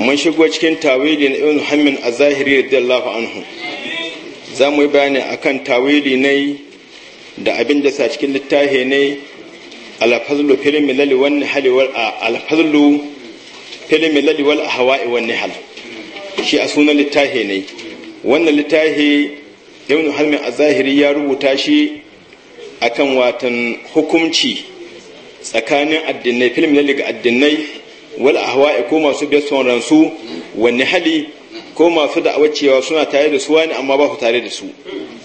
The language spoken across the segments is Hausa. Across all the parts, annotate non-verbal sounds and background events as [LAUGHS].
mun shigo cikin tawili na ibn hammin a zahiri da radiyallahu anhu za mu yi bayani a kan tawili ne da abin da sa cikin littafi ne alfazlu fil wal alfazlu fil milal wal wani hal shi a sunan littafi ne wannan littafi ibn hammin a zahiri ya rubuta shi akan watan hukunci tsakanin addinai fil ga addinai wal ahwa'i ko masu biyar ran ransu wani hali ko masu da'awa cewa suna tare da su wani amma ba ku tare da su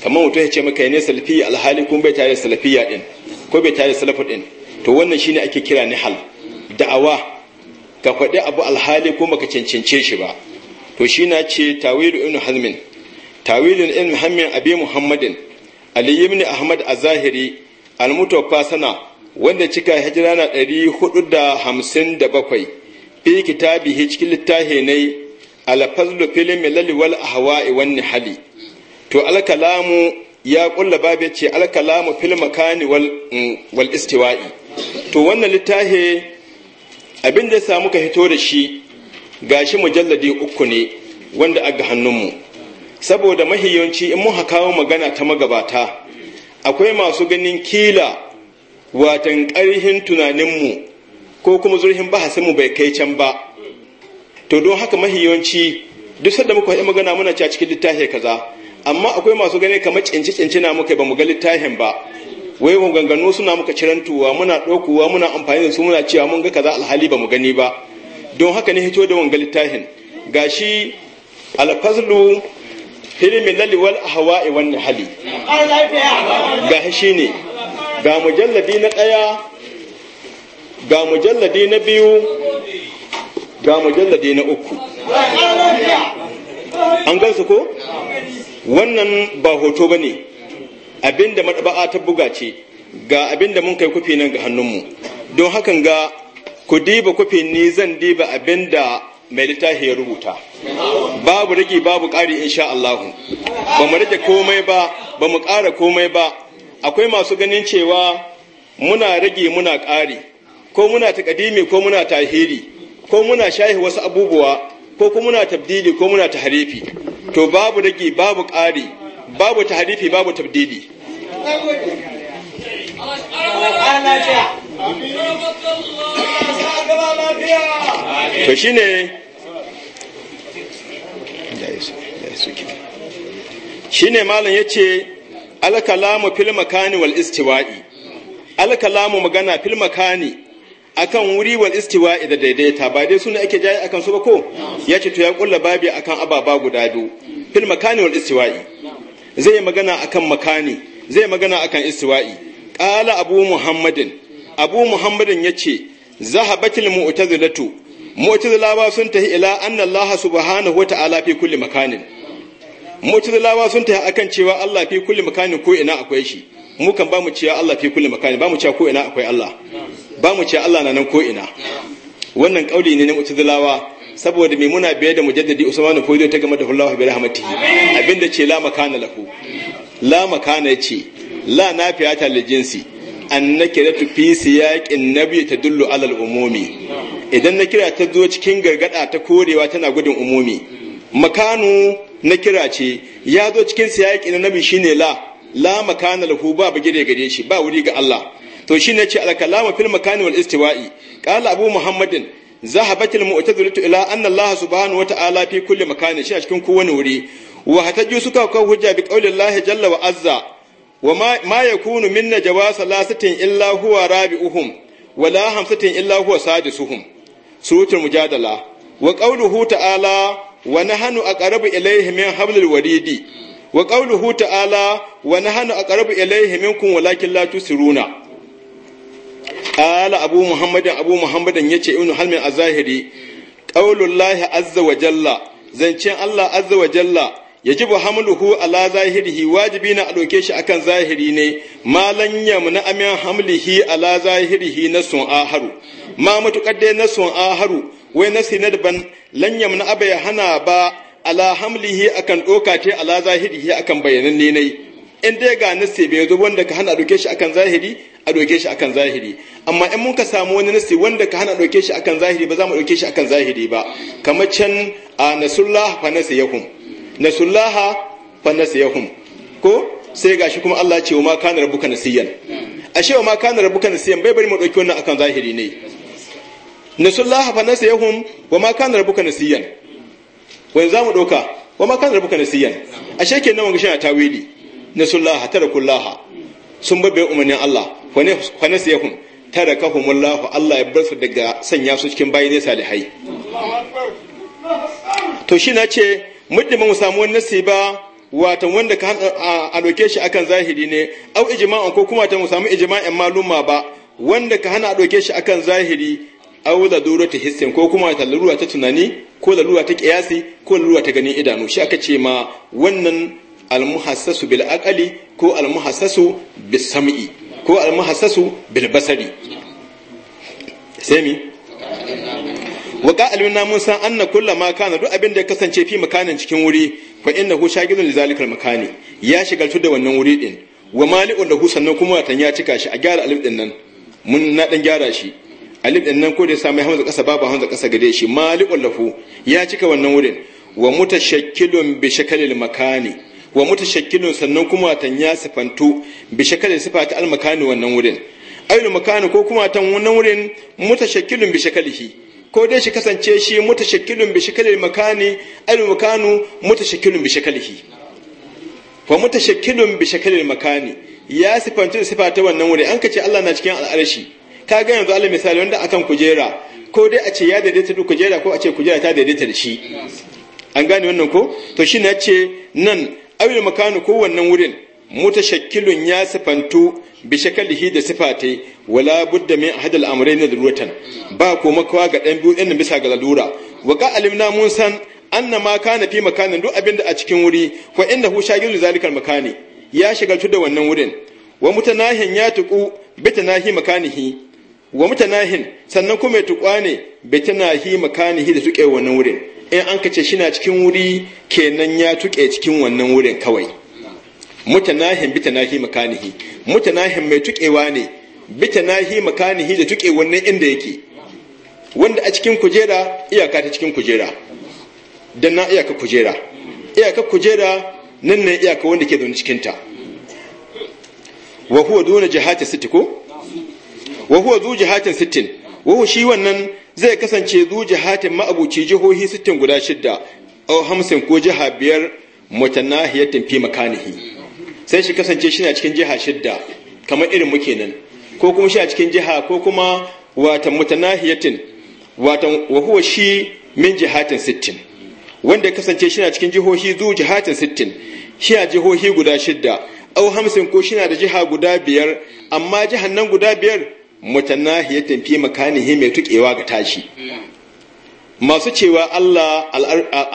kamar mutum ya ce maka ne salafi alhali kun bai tare da salafiya din ko bai tare da salafu din to wannan shine ake kira ni hal da'awa ka faɗi abu alhali ko baka cancance shi ba to shi na ce tawilu ibn hazmin tawilu ibn hazmin abi muhammadin ali ibn ahmad azahiri zahiri al-mutawaffa sana wanda cika hijira na 457 fi kitabihi cikin littafi ne fazlu fil milal wal ahwa'i wan nihali to al-kalamu ya kulla babu yace kalamu fil makani wal mm, wal istiwa'i to wannan littafi abin da samu ka hito da shi gashi mujalladi uku ne wanda aga mu saboda mahiyanci in mun kawo magana ta magabata akwai masu ganin kila watan ƙarhin tunaninmu ko kuma zurhin mu bai kai can ba to don haka yawanci duk sanda muka yi magana muna cewa cikin littafi kaza amma akwai masu gani kamar cinci cinci na muka ba mu ga littafin ba wai ganganu suna muka cirantuwa muna ɗaukuwa muna amfani da su muna cewa mun ga kaza alhali ba mu gani ba don haka ne hito da wanga littafin gashi alfazlu hilmi lalli wal ahwa'i wani hali gashi shine ga mujalladi na ɗaya ga mujalladi na biyu ga mujalladi na uku an gansu ko wannan ba hoto ba ne abinda maɗaba'a ta buga ce ga abinda mun kai kufi nan ga hannunmu don hakan ga ku diba kufi ni zan diba abinda mai littafi ya rubuta babu rage babu ƙari insha Allahu ba mu rage komai ba ba mu ƙara komai ba akwai masu ganin cewa muna rage muna ƙari ko muna ta kadimi ko muna hiri, ko muna shahi wasu abubuwa ko kuma muna tabdili ko muna harifi. to babu dagi babu ƙari babu tahrifi babu tabdili to shine shine malam yace al kalamu fil makani wal istiwa'i al kalamu magana fil makani akan wuri wal istiwa da daidaita ba dai suna ake jaye akan su ba ko ya ce to ya kulla babi akan ababa guda biyu fil makani wal istiwa'i zai magana akan makani zai magana akan istiwa'i qala abu muhammadin abu muhammadin yace zahabatil mu'tazilatu mu'tazilawa sun tahi ila anna allah subhanahu wata'ala fi kulli makanin mu'tazilawa sun tahi akan cewa allah fi kulli makanin ko ina akwai shi mu kan ba mu cewa allah fi kulli makanin ba mu cewa ko ina akwai allah ba mu ce Allah na nan ko ina wannan kauli ne na mu'tazilawa saboda mai muna biyar da mujaddadi Usman Fodio ta game da Allah bi rahmatihi abinda ce la makana lahu la makana ce la nafiya ta jinsi an na su fi nabi ta dullo alal umumi idan na kira ta zo cikin gargada ta korewa tana gudun umumi makanu na kira ce ya zo cikin siyaƙi na nabi shine la la makana lahu ba bugire gare shi ba wuri ga Allah to shine ce al-kalamu fil makani wal istiwa'i qala abu muhammadin zahabatil mu'tazilatu ila anna allah subhanahu ta'ala fi kulli makani shi a cikin kowane wuri wa hataju suka kawo hujja bi qawli allah jalla wa azza wa ma yakunu min najwa salasatin illa huwa rabi'uhum wala hamsatin illa huwa sadisuhum suratul mujadala wa qawluhu ta'ala wa nahnu aqrabu ilayhi min hablil waridi wa qawluhu ta'ala wa nahnu aqrabu ilayhi minkum walakin la tusiruna qala abu muhammadin abu muhammadin yace ibnu halmin az-zahiri qaulullahi azza wa jalla zancen Allah azza wa jalla yajibu hamluhu ala zahirihi wajibi na a ɗauke shi akan zahiri ne malan yamna amin hamlihi ala zahirihi na sun aharu ma matuƙar dai na sun aharu wai na sinar ban lan yamna abai hana ba ala hamlihi akan ɗoka ala zahirihi akan bayanan ne in dai ga nasi bai zo wanda ka hana a doke shi akan zahiri a doke shi akan zahiri amma in mun ka samu wani nasi wanda ka hana a doke shi akan zahiri ba za mu doke shi akan zahiri ba kamar can a nasullah fa nasiyahum nasullaha fa nasiyahum ko sai gashi kuma Allah ce wa ma kana rabbuka nasiyan ashe wa ma kana rabbuka nasiyan bai bari mu doki wannan akan zahiri ne nasullaha fa nasiyahum wa ma kana rabbuka nasiyan wai za mu doka wa ma kana rabbuka nasiyan ashe kenan wanga shi na tawili nasullaha tarakullaha sun babbe umarnin Allah fa nasiyahum tarakahumullahu Allah ya bar su daga sanya su cikin bayi ne salihai to shi na ce muddin mu samu wani nasi ba wanda ka doke shi akan zahiri ne au ijma'an ko kuma ta mu samu ijma'in maluma ba wanda ka hana doke shi akan zahiri au da duro ta hissin ko kuma ta lalura ta tunani ko lalura ta kiyasi ko lalura ta ganin idanu shi aka ce ma wannan almuhassasu bil aqali ko almuhassasu bis sam'i ko almuhassasu bil basari sai mi waka alimna mun san anna kullama kana duk abin da ya kasance fi makanin cikin wuri fa innahu shagilun li zalikal makani ya shigaltu da wannan wuri din wa mali'un lahu sannan kuma watan ya cika shi a gyara alif din nan mun na dan gyara shi alif din nan ko da ya samu hamza kasa babu hamza kasa gade shi mali'un lahu ya cika wannan wurin wa mutashakkilun bi shakalil makani wa mutashakkilun sannan kuma watan ya sifantu bi shakalin sifa ta almakani wannan wurin ayyul makani ko kuma watan wannan wurin mutashakkilun bi shakalihi ko dai shi kasance shi mutashakkilun bi shakalil makani ayyul makanu mutashakkilun bi shakalihi wa mutashakkilun bi shakalil makani ya sifantu da sifa ta wannan wurin an kace Allah na cikin al'arshi ka ga yanzu Allah misali wanda akan kujera ko dai a ce ya daidaita duk kujera ko a ce kujera ta daidaita da shi an gane wannan ko to shi ne ya ce nan awil makanu ko wannan wurin mutashakkilun ya sifantu bi shakalihi da sifatai wala budda min hadal amrayn daruratan ba ko makawa ga dan biyu din bisa ga lalura wa ka alimna mun san anna ma kana fi makanin duk abinda a cikin wuri fa innahu shagilu zalikal makani ya shagaltu da wannan wurin wa mutanahin ya tuku bitanahi makanihi wa mutanahin sannan kuma tukwa ne bai na hi makanihi da tuke wannan wurin in an kace shi na cikin wuri kenan ya tuƙe cikin wannan wurin kawai mutanahin bi tanahi makanihi mutanahin mai tuƙewa ne bi tanahi makanihi da tuƙe wannan inda yake wanda a cikin kujera iyaka ta cikin kujera dan na iyaka kujera iyaka kujera nan ne iyaka wanda ke zaune cikin ta wa huwa duna jihati sitiko wa huwa zu jihatin sittin wa shi wannan zai kasance zu jihatin ma'abuci jihohi sittin guda shidda au hamsin ko jiha biyar mutanahiyatin fi makanihi sai shi kasance shi na cikin jiha shidda kamar irin muke nan ko kuma shi a cikin jiha ko kuma wata mutanahiyatin wata wa huwa shi min jihatin sittin wanda kasance shi na cikin jihohi zu jihatin sittin shi a jihohi guda shidda au hamsin ko shi na da jiha guda biyar amma jihan nan guda biyar mutanahiyatan fi makanihi mai tukewa ga tashi masu cewa Allah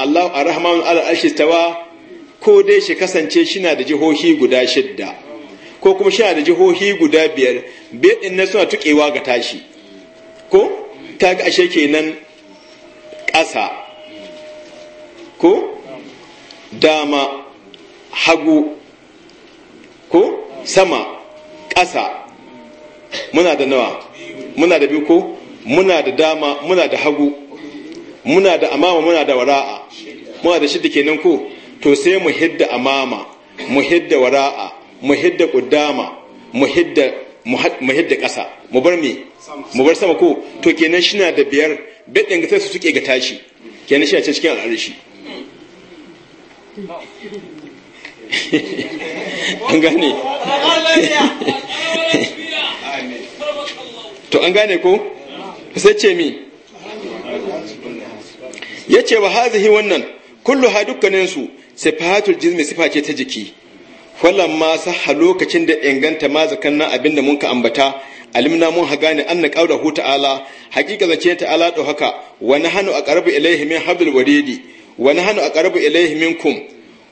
Allah arrahman arshi tawa ko dai shi kasance shina da jihohi guda shidda ko kuma shina da jihohi guda biyar biyar din na suna tukewa ga tashi ko ta ga ashe kenan ƙasa ko dama hagu ko sama ƙasa muna da nawa muna da biyu ko muna da dama muna da hagu muna da amama muna da wara'a muna da shidda kenan ko to sai mu hidda amama mu hidda wara'a mu hidda kuddama mu hidda mu hidda ƙasa mu bar me mu bar sama ko to kenan shi na da biyar bedin ga su suke ga tashi kenan shi a cikin alarishi an gane to an gane ko sai ce mi ya ce wa hazihi wannan kullu ha dukkaninsu sifatul jizmi sifa ce ta jiki wallan ma saha lokacin da inganta ma zakan abin da ka ambata alimna mun ha gane anna qawla hu ta'ala haqiqa zace ta'ala do haka wa nahnu aqrabu ilayhi min hablil waridi wa nahnu aqrabu ilayhi minkum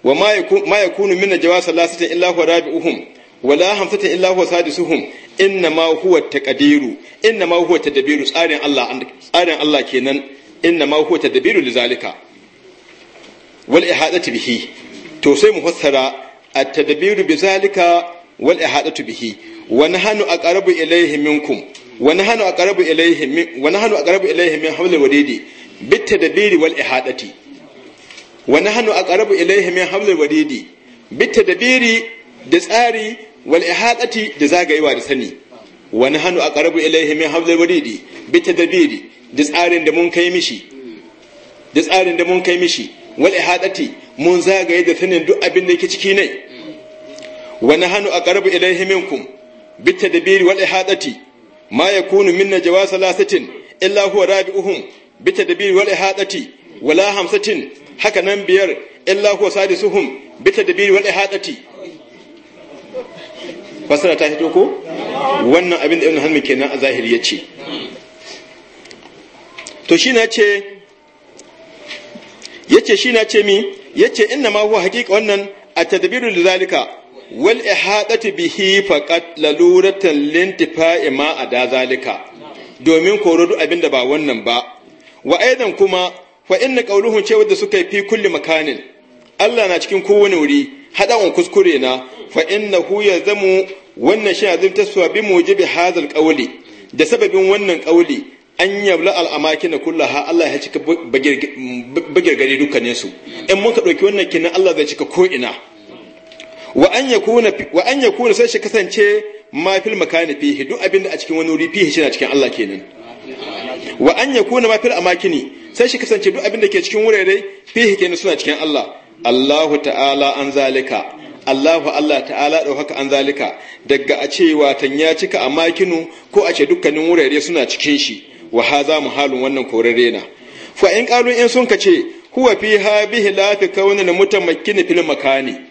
wa ma yakunu min jawas salasata illa huwa rabi'uhum wala hamsata illa huwa sadisuhum inna ma huwa taqdiru inna ma huwa tadbiru tsarin Allah tsarin Allah kenan inna ma huwa tadbiru lizalika wal ihadatu bihi to sai mu fassara at tadbiru bizalika wal ihadatu bihi wa nahnu aqrabu ilayhi minkum wa nahnu wa nahnu aqrabu ilayhi min hablil wadidi bitta dabiri da tsari wal ihadati da zagayewa da sani wa nahnu aqrabu ilayhi min hablil wadidi bitta dabiri da tsarin da mun kai mishi da tsarin mun kai mishi wal ihadati da duk abin da yake ciki ne wa a aqrabu ilayhi minkum bitta minna jawasa lasatin illa huwa rabi'uhum wala hamsatin haka nan biyar illa huwa sadisuhum bi tadbiri wal ihadati fasara ta hito ko wannan abin da ibn halmi kenan a zahiri yace to shi na ce yace shi na ce mi yace inna ma huwa haqiqa wannan at-tadbiru lidhalika wal ihadatu bihi faqat laluratan lintifa'i ma ada zalika domin korodu duk abin da ba wannan ba wa aidan kuma fa inna qauluhum ce da suka yi fi kulli makanin Allah na cikin kowane wuri hadan kuskure na fa innahu yazamu wannan shi azim taswa bi mujibi hadal qawli da sababin wannan qawli an yabla al amakin kullaha Allah ya cika bagirgare dukkanin su in muka dauki wannan kinan Allah zai cika ko ina wa an yakuna wa an yakuna sai shi kasance ma fil makani fihi duk abinda a cikin wani wuri fihi shi na cikin Allah kenan wa an ya kuna mafi amakini sai shi kasance duk abin da ke cikin wurare fihi kenan suna cikin Allah Allahu ta'ala an zalika Allahu Allah ta'ala ɗaukaka an zalika daga a ce watan ya cika a makinu ko a ce dukkanin wurare suna cikin shi wa haza muhalun wannan korare na fa in qalu in sun ce huwa fi ha bihi la na kauna makini fil makani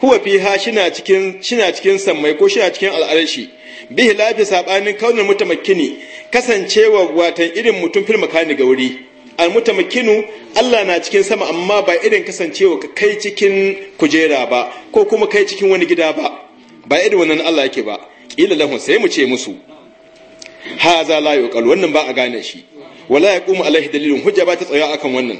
huwa fiha shina cikin shina cikin sammai ko shina cikin al'arshi bihi lafi sabanin kaunar mutamakkini kasancewa watan irin mutum fil makani ga wuri al mutamakkinu Allah na cikin sama amma ba irin kasancewa kai cikin kujera ba ko kuma kai cikin wani gida ba ba irin wannan Allah yake ba kila lahu sai mu ce musu Ha za la yuqal wannan ba a gane shi wala yaqumu alaihi dalilun hujja ba ta tsaya akan wannan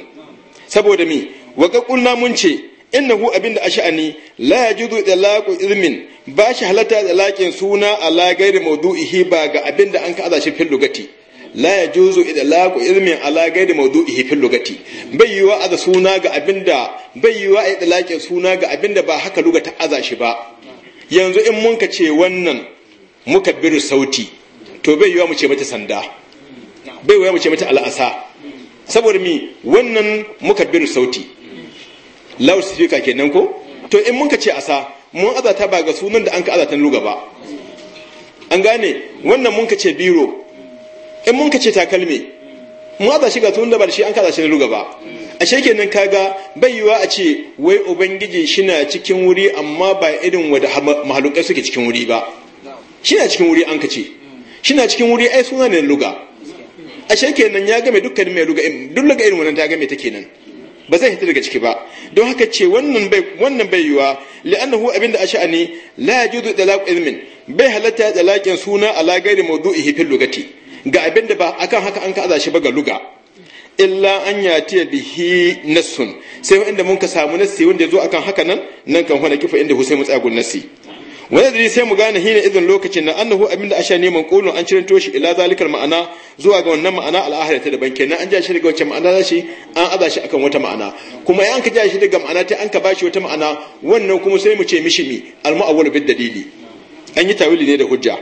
saboda mi wa kunna mun ce innahu abinda a sha'ani la yajuzu talaqu ilmin ba shi halatta talaqin suna ala ghairi mawdu'ihi ba ga abinda an ka aza shi fil lugati la yajuzu idlaqu ilmin ala ghairi mawdu'ihi fil lugati bai yiwa aza suna ga abinda bai yiwa idlaqin suna ga abinda ba haka lugata aza shi ba yanzu in mun ka ce wannan mukabbiru sauti to bai yiwa mu ce mata sanda bai yiwa mu ce mata al'asa saboda mi wannan mukabbiru sauti ke kenan ko to in mun ka ce asa mun azata ba ga sunan da an ka azata luga ba an gane wannan mun ka ce biro in mun ka ce takalmi mun azata shi ga sunan da ba da shi an ka azata luga ba ashe kenan kaga yiwa a ce wai ubangiji shina cikin wuri amma ba irin wanda mahalukai suke cikin wuri ba shina cikin wuri an ka ce shina cikin wuri ai suna ne luga ashe kenan ya game dukkan mai luga duk luga irin wannan ta game ta kenan ba zai hita daga ciki ba don haka ce wannan bai wannan bai yiwa li'annahu abinda a sha'ani la yajuzu talaq ilmin bai halatta talaqin suna ala gairi mawdu'ihi fil lugati ga abinda ba akan haka an kaza shi ba ga luga illa an yati bihi nassun sai inda mun ka samu nassi wanda ya zo akan haka nan nan kan hana kifa inda Husayn tsagun nassi wani dalili sai mu gane hina idan lokacin na annahu abin da asha neman kolon an cire toshi ila zalikar ma'ana zuwa ga wannan ma'ana al'ahira ta daban kenan an ja shi daga wacce ma'ana shi an aza shi akan wata ma'ana kuma in an ka ja shi daga ma'ana ta an ka bashi wata ma'ana wannan kuma sai mu ce mishi mi al-mu'awwal bid dalili an yi tawili ne da hujja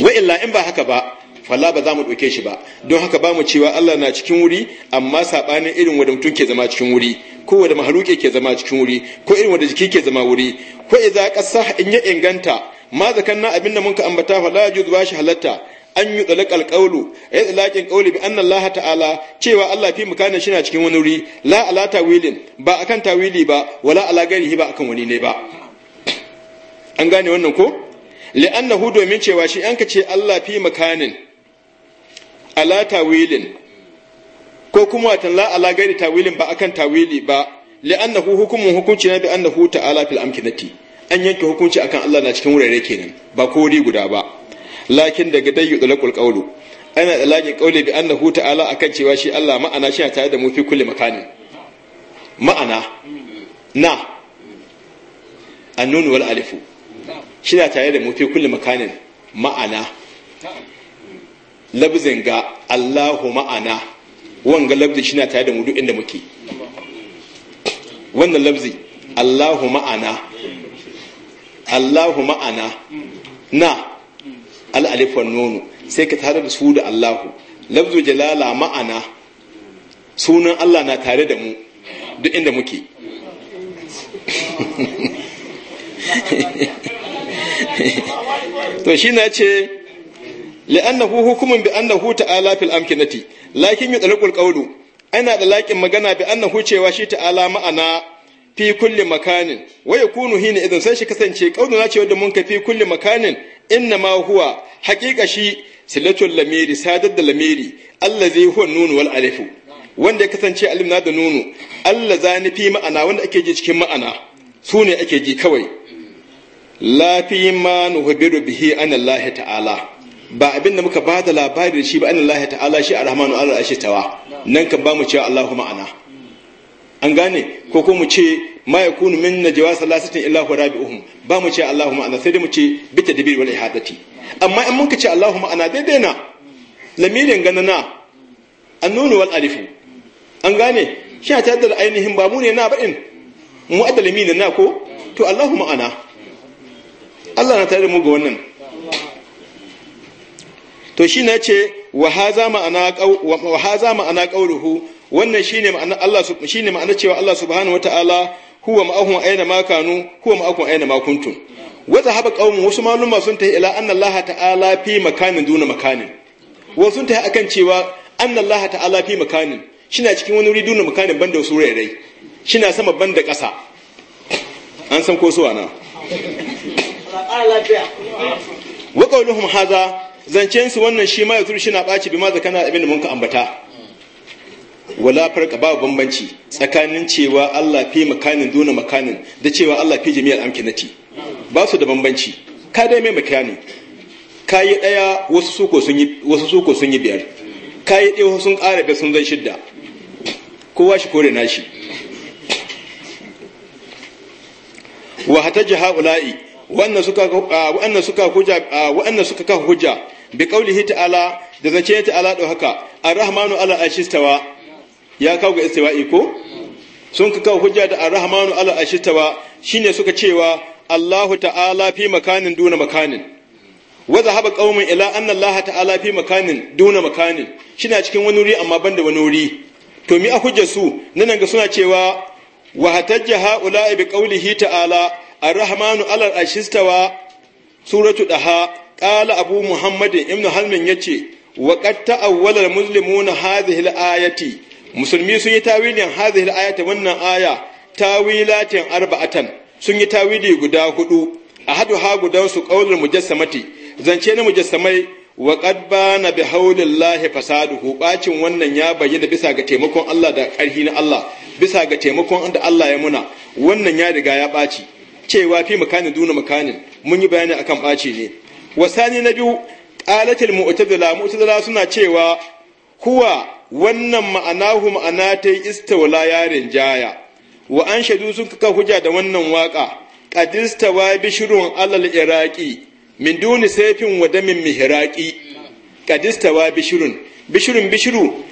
wa illa in ba haka ba falla ba za mu ɗauke shi ba don haka ba mu cewa Allah na cikin wuri amma saɓanin irin wanda mutum ke zama cikin wuri ko wanda mahaluke ke zama cikin wuri ko irin wanda jiki ke zama wuri ko idza qassa in ya inganta ma zakanna abin da ka ambata fa la yujuz ba shi halatta an yi tsalakal A ya tsalakin ƙauli bi annan Allah ta'ala cewa Allah fi mukana shi na cikin wani wuri la ala tawilin ba akan tawili ba wala ala gairihi ba akan wani ne ba an gane wannan ko li'annahu domin cewa shi an ka ce Allah fi makanin ala tawilin ko kuma watan la ala gari tawilin ba akan tawili ba annahu hukumun hukunci na bi annahu ta'ala fil amkinati an yanke hukunci akan Allah na cikin wurare kenan ba ko wuri guda ba lakin daga dai yudlaqul qawlu ana dalagin qawli bi annahu ta'ala akan cewa shi Allah ma'ana shi tare da mu fi kulli makani ma'ana na annun wal alifu shi tare da mu fi kulli makanin ma'ana labzin ga Allahu ma'ana wanga labzi shi na tare da mu duk inda muke wannan labzi Allahu ma'ana Allahu ma'ana na al'alifan nono sai ka tare da su da Allahu labzu jalala ma'ana sunan Allah na tare da mu duk inda muke [LAUGHS] to shi na ce li'annahu hukumun bi annahu ta'ala fil amkinati lakin yutlaqul qawlu ana da lakin magana bi annahu cewa shi ta'ala ma'ana fi kulli makanin Wai yakunu hina idan sai shi kasance qawlu na cewa da mun ka fi kulli makanin inna ma huwa haqiqa shi silatul lamiri sadar da lamiri allazi huwa nun wal alifu wanda ya kasance alim na da nunu Allah zani fi ma'ana wanda ake ji cikin ma'ana su ne ake ji kawai la fi ma nuhbiru bihi an Allah ta'ala ba abin da muka bada labari da shi ba annallahi ta'ala shi arhamanu alal tawa. nan kan ba mu cewa Allahu ma'ana an gane ko ko mu ce ma yakunu min najwa salasatin illa huwa rabi'uhum ba mu ce Allahu ma'ana sai dai mu ce bi tadbir wal ihadati amma in muka ce Allahu ma'ana daidai na lamirin ganana annunu wal alifu an gane shi ta da ainihin ba mu ne na baɗin mu adalimi na ko to Allahu ma'ana Allah na tare da mu ga wannan to shi ne ce wa haza ma'ana ƙauruhu wannan shi ne ma'ana cewa Allah subhanahu wata'ala huwa ma'akun aina ma kanu huwa ma'akun aina ma kuntum wata haɓa ƙaunin wasu maluma sun ta ila annan laha ta'ala fi makanin duna makanin wasu sun ta akan cewa annan laha ta'ala fi makanin na cikin wani wuri duna makanin banda wasu rairai shina sama banda ƙasa an san ko suwa na wa ƙaunuhum haza Zance su wannan shi ma ya turu shi na ɓaci bi ma zakana abin da mun ka ambata wala farka ba bambanci tsakanin cewa Allah fi makanin duna makanin da cewa Allah fi jami'al amkinati ba su da bambanci ka dai mai ne. ka yi ɗaya wasu suko sun yi wasu suko sun yi biyar ka yi ɗaya sun ƙara da sun zai shidda kowa shi kore nashi wa hataja haula'i wannan suka wannan suka hujja wannan suka ka hujja bi kaulihi ta'ala da zace ta'ala do haka arrahmanu ala ashistawa ya kawo ga istiwa'i iko sun ka kawo hujja da arrahmanu ala ashistawa shine suka cewa Allahu ta'ala fi makanin duna makanin wa zahaba qaumun ila anna Allah ta'ala fi makanin duna makanin shine cikin wani wuri amma banda wani wuri to mi a hujja su nan ga suna cewa wa hatajja ha'ula'i bi qaulihi ta'ala arrahmanu ala ashistawa suratu daha qala abu muhammadin ibnu halmin yace wa qad ta'awwala almuslimuna hadhihi alayati musulmi sun yi tawilin hadhihi alayati wannan aya tawilatin arba'atan sun yi tawili guda hudu a hadu ha gudan su qaulul mujassamati zance na mujassamai wa qad bana bi haulillahi fasaduhu bacin wannan ya bayyana bisa ga taimakon Allah da karhi na Allah bisa ga taimakon da Allah ya muna wannan ya riga ya baci cewa fi makanin duna makanin mun yi bayani akan ɓaci ne wasani na biyu qalatil mu'tazila mu'tazila suna cewa huwa wannan ma'anahu ma'ana ta istawla yarin jaya wa an shaidu sun kaka hujja da wannan waka qadistawa bishrun alal iraqi min duni saifin wa damin mihraqi qadistawa bishrun bishiru bishru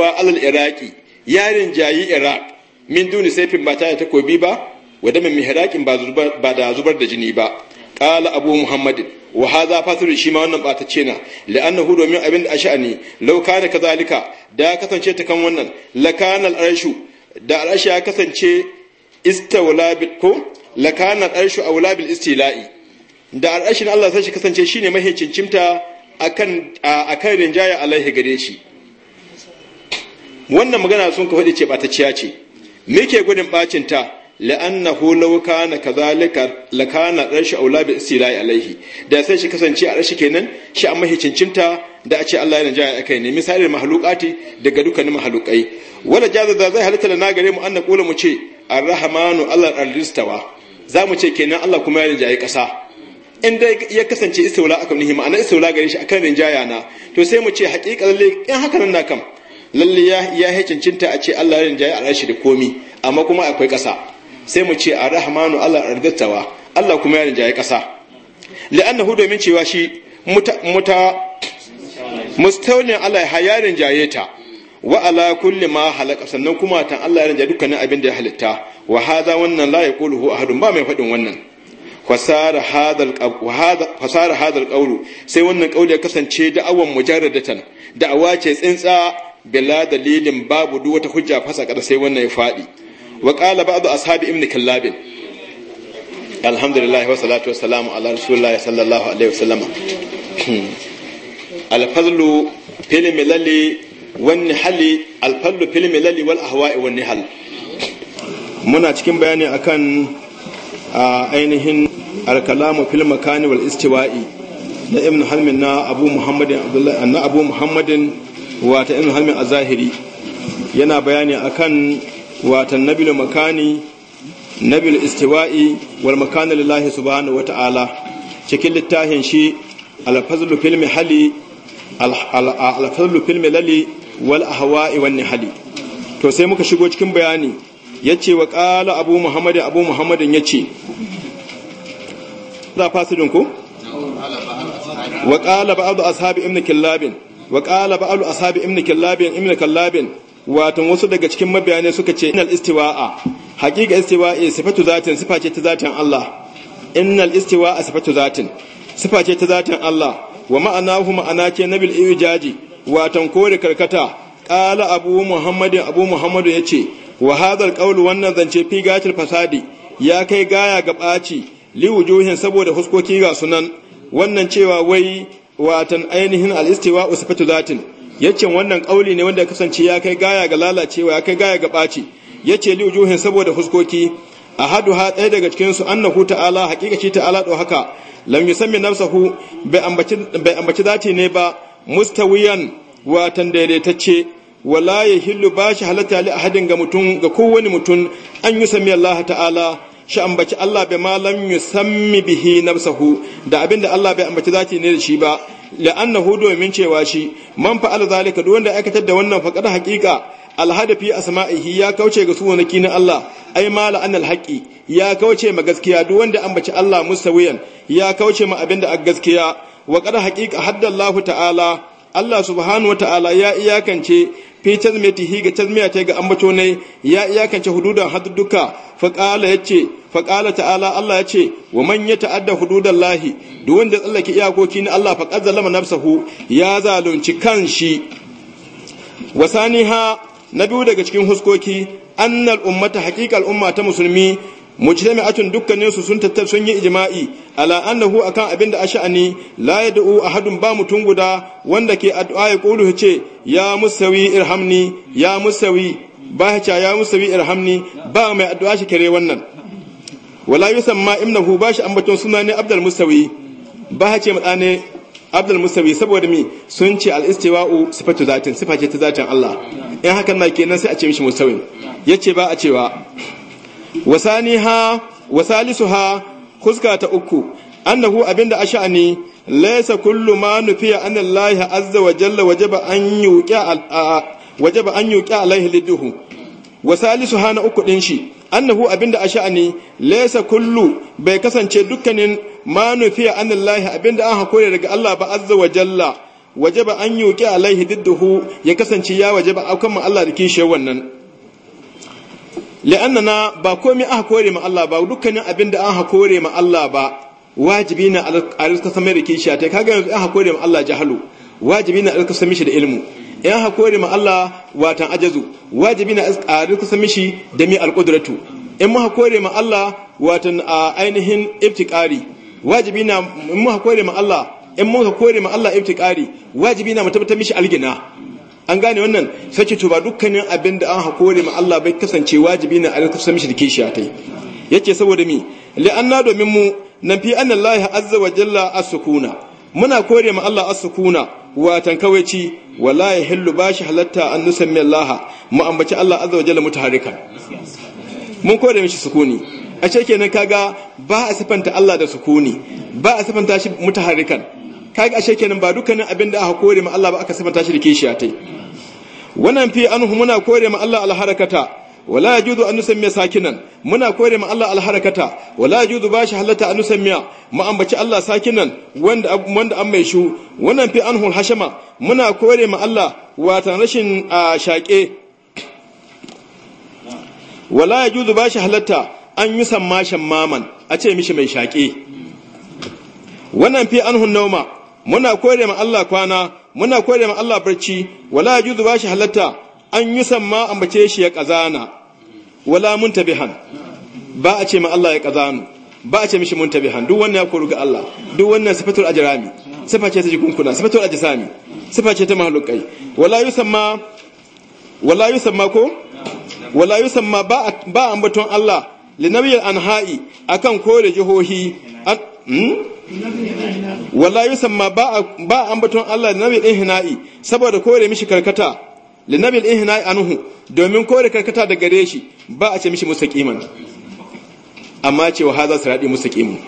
wa alal iraqi yarin jayi iraq min duni saifin ba ta takobi ba wa damin mihraqin ba da zubar da jini ba qala abu muhammadin wa hadha fasiru shi ma wannan batacce na la'annahu domin abin da sha'ani law kana kazalika da kasance ta kan wannan lakana arshu da arshu ya kasance istawla bil ko lakana arshu awla bil istila'i da al'arshin Allah sai shi kasance shine mahicin cimta akan akan rinjaya alaihi gare shi wannan magana sun ka faɗi ce ciya ce me ke gudun bacin ta la'annahu law kana kadhalika lakana rashu aula bi istilai alaihi da sai shi kasance a rashi kenan shi amma hicincinta da a ce Allah ya yana jaya kai ne misali mahlukati daga dukkanin mahlukai wala jaza da zai halitta na gare mu anna kula mu ce arrahmanu Allah ardistawa za mu ce kenan Allah kuma ya yana jaya kasa in dai ya kasance istiwala akan nihi ma'ana istiwala gare shi akan rinjaya na to sai mu ce haƙiƙa lalle in haka nan na kam lalle ya ya hicincinta a ce Allah ya jaya a rashi da komi amma kuma akwai kasa sai mu ce arrahmanu Allah argattawa Allah kuma ya rinjaye ƙasa li'annahu domin cewa shi muta muta Allah ya rinjaye ta wa ala kulli ma halaka sannan kuma tan Allah ya rinjaye dukkanin abin da ya halitta wa hadha wannan la yaquluhu ahadun ba mai fadin wannan fasara hadal fasara hadal qawlu sai wannan qawli ya kasance da'awan mujarradatan da'awa ce tsintsa bila dalilin babu duk wata hujja fasa kada sai wannan ya fadi wa qala ba'du ashabi ibn kallab wa salatu wa salamu ala rasulillah sallallahu alaihi wasallam [CLEARS THROAT] alfadlu fil milali wan nihali alfadlu fil milali wal ahwa'i wan nihal muna cikin bayani akan ainihin alkalamu fil makani wal istiwa'i na ibn halmin na abu muhammadin abdullahi na abu muhammadin wata halmin a zahiri yana bayani akan watan nabil makani nabil istiwa'i wal makani lillahi subhanahu wa ta'ala cikin littafin shi alfazlu fil mihali alfazlu filmi lali wal ahwa'i wan nihali to sai muka shigo cikin bayani yace wa qala abu muhammad abu muhammad yace za fasidin ku wa qala ba'd ashabi ibn killabin wa qala ba'd ashabi ibn killabin ibn killabin wato wasu daga cikin mabiyanai suka ce innal istiwa'a haqiqa istiwa'i sifatu zatin sifa ce ta zatin Allah innal istiwa'a sifatu zatin sifa ce ta zatin Allah wa ma'anahu ma'ana ce nabil ijaji watan kore karkata qala abu muhammadin abu muhammadu yace wa hadhal qawl wannan zance fi gatil fasadi ya kai gaya ga ɓaci wujuhin saboda huskoki ga sunan wannan cewa wai watan ainihin al-istiwa'u sifatu zatin yace wannan kauli ne wanda kasance ya kai gaya ga lalacewa ya kai gaya ga ɓaci yace li wujuhin saboda huskoki ahadu ha ɗaya daga cikin su annahu ta'ala haqiqati ta'ala do haka lam yusammi nafsahu bai ambaci bai ambaci zati ne ba mustawiyan watan daidaitacce wala yahillu bashi halatta li ahadin ga mutun ga kowani mutum an yusammi Allah ta'ala shi ambaci Allah bai malam sami bihi na sahu da abinda Allah bai ambaci zaki ne da shi ba la'annahu domin cewa shi man fa'ala zalika duk wanda aikatar da wannan faqad haqiqa alhadafi asma'ihi ya kauce ga suna na Allah ai ma la'an alhaqi ya kauce ma gaskiya duk wanda ambaci Allah musawiyan ya kauce ma abin da a gaskiya wa qad haqiqa ta'ala Allah subhanahu wa ta'ala ya iyakance fi hi ga tazmiya ta ga ambato ne ya iyakance hududan hadduka faqala yace faqala ta'ala Allah yace wa man yata'adda hududallahi duk wanda tsallake iyakoki na Allah faqad zalama nafsahu ya zalunci kanshi wasaniha na biyu daga cikin huskoki annal ummata haqiqal umma ta musulmi mujtami'atun dukkanin su sun tattar sun yi ijma'i ala annahu akan abinda ash'ani la yad'u ahadun ba mutun guda wanda ke addu'a ya qulu ce ya musawi irhamni ya musawi ba ta ya musawi irhamni ba mai addu'a shi kare wannan wala yusamma imnahu ba shi ambaton suna ne abdul musawi ba ce madane abdul musawi saboda mi sun ce al istiwa'u sifatu zatin sifa ce ta zatin Allah in hakan na kenan sai a ce mishi musawi yace ba a cewa wasaniha wasalisuha huska ta uku annahu abinda asha'ani laysa kullu ma nufiya anallahi azza wa jalla wajaba an yuqa wajaba an yuqa alaihi liduhu wasalisuha na uku din shi annahu abinda asha'ani laysa kullu bai kasance dukkanin ma nufiya anallahi abinda an hakure daga Allah ba azza wa jalla wajaba an yuqi alaihi didduhu ya kasance ya wajaba aukan ma Allah da kishe wannan li'annana ba komai aka kore ma Allah ba dukkanin abin da an kore ma Allah ba wajibi na alƙa samar da kishiya ta kaga yanzu an kore ma Allah jahalu wajibi na alƙa samishi da ilmu in aka kore ma Allah watan ajazu wajibi na alƙa samishi da mi alƙudratu in muka kore ma Allah watan ainihin iftiqari wajibi na in muka kore ma Allah in muka kore ma Allah iftiqari wajibi na mu tabbatar mishi algina an gane wannan sake to ba dukkanin abin da an hakore ma Allah bai kasance wajibi na alaikum sami shirke shi atai yace saboda mi li'anna domin mu nan fi anna Allah azza wa jalla as-sukuna muna kore ma Allah as-sukuna watan kawaici wala yahillu bashi halatta an nusammi Allah mu ambaci Allah azza wa jalla mutaharikan mun kore mishi sukuni a ce kenan kaga ba a sifanta Allah da sukuni ba a sifanta shi mutaharikan Ka ga ashe kenan ba dukkanin abin da aka kore ma Allah ba aka sabanta shi da kishiya tai wannan fi anhu muna kore ma Allah alharakata wala yajuzu an nusammiya sakinan muna kore ma Allah alharakata wala yajuzu ba shi halatta an nusammiya mu ambaci Allah sakinan wanda wanda an mai shu wannan fi anhu hashama muna kore ma Allah watan rashin shaƙe wala ya juzu ba shi halatta an yi sammashin maman a ce mishi mai shaƙe wannan fi an Nauma. muna kore ma Allah kwana muna kore ma Allah barci wala yajuzu bashi halatta an yi samma ambace shi ya kazana wala muntabihan ba a ce ma Allah ya kazanu ba a ce mishi muntabihan duk wannan ya koru ga Allah duk wannan sifatul ajrami sifa ce ta jikunkuna sifatul ajsami sifa ce ta mahlukai wala yusamma wala yusamma ko wala yusamma ba ba ambaton Allah linawiyal anha'i akan kore jihohi Hmm? wala sama ba ba ambaton Allah nabil ihna'i saboda kore mishi karkata da linabil ihna'i anuhu domin kore karkata da gare shi ba a ce mishi kiman amma ce wa raɗi musa kiman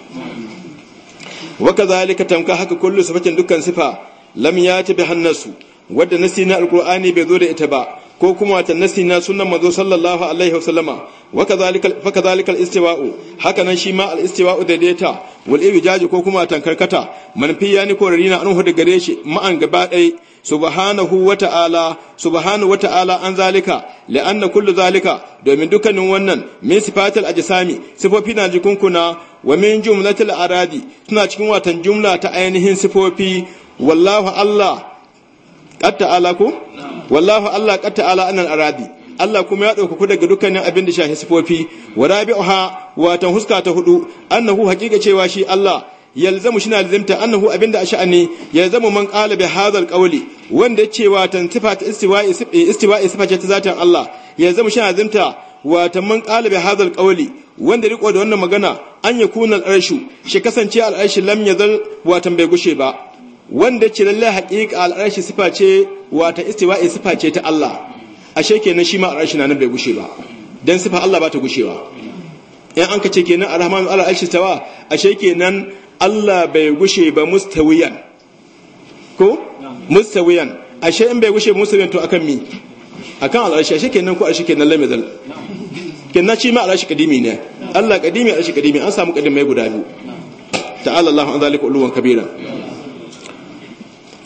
waka zalika tamka haka kullu sifatin dukkan sifa lam ya bi hannarsu wadda nasi na alkur'ani bai zo da ita ba ko kuma wata nasi na sunan mazo sallallahu alaihi wasallama wa kadhalika istiwau haka nan shi ma al-istiwa'u daidaita wal ijaji ko kuma wata karkata manfiya ni ko rarina an hudu gare shi ma'an gaba dai subhanahu wa ta'ala subhanahu wa ta'ala an zalika la'anna kullu zalika domin dukkanin wannan min sifatil ajsami sifofi na jikunkuna wa min jumlatil aradi suna cikin watan jumla ta ainihin sifofi wallahu allah ta'ala ko wallahu Allah qatta ala anal aradi Allah kuma ya ɗaukaku daga dukkanin abin da shahi sifofi wa rabi'uha watan huska ta hudu annahu haƙiƙa cewa shi Allah yalzamu shi na lazimta annahu abin da a sha'ani yalzamu man qala bi hadhal qawli wanda cewa tan sifat istiwa'i istiwa'i sifat ta zatan Allah yalzamu shi na lazimta watan man qala bi hadhal qawli wanda riko da wannan magana an yakuna al-arshu shi kasance al-arshu lam yazal watan bai gushe ba wanda ce lallai haƙiƙa al'arshi sifa ce wata istiwa'i sifa ce ta Allah ashe kenan shi ma al'arshi na nan bai gushe ba don sifa Allah ba ta gushewa Yan an kace kenan arrahmanu ala al'arshi tawa sheke nan Allah bai gushe ba mustawiyan ko mustawiyan ashe in bai gushe mustawiyan to akan mi akan al'arshi ashe kenan ko ashe kenan lamai zal kenan shi ma al'arshi kadimi ne Allah kadimi al'arshi kadimi an samu kadimai guda biyu ta'ala Allah an zalika kabira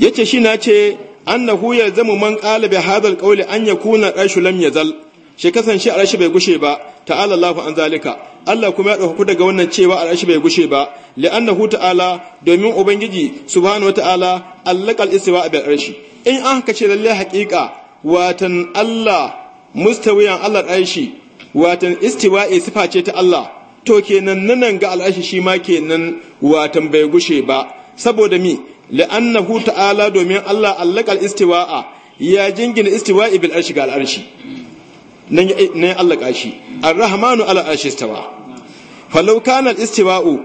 yace shi na ce annahu zama man kala bi hadha alqawli an yakuna qashu lam yazal shi kasance arashi bai gushe ba ta'ala Allahu an zalika Allah kuma ya dauka daga wannan cewa arashi bai gushe ba li'annahu ta'ala domin ubangiji subhanahu wata'ala allaqal istiwa bil arshi in an kace lalle haqiqa watan Allah mustawiyan Allah arshi watan istiwa'i sifa ce ta Allah to kenan nan ga al'ashi shi ma kenan watan bai gushe ba saboda mi li'annahu ta'ala domin Allah allaka al-istiwa'a ya jingina istiwa'i bil arshi ga al-arshi nan ne allaka shi ar-rahmanu ala arshi istawa falau kana al-istiwa'u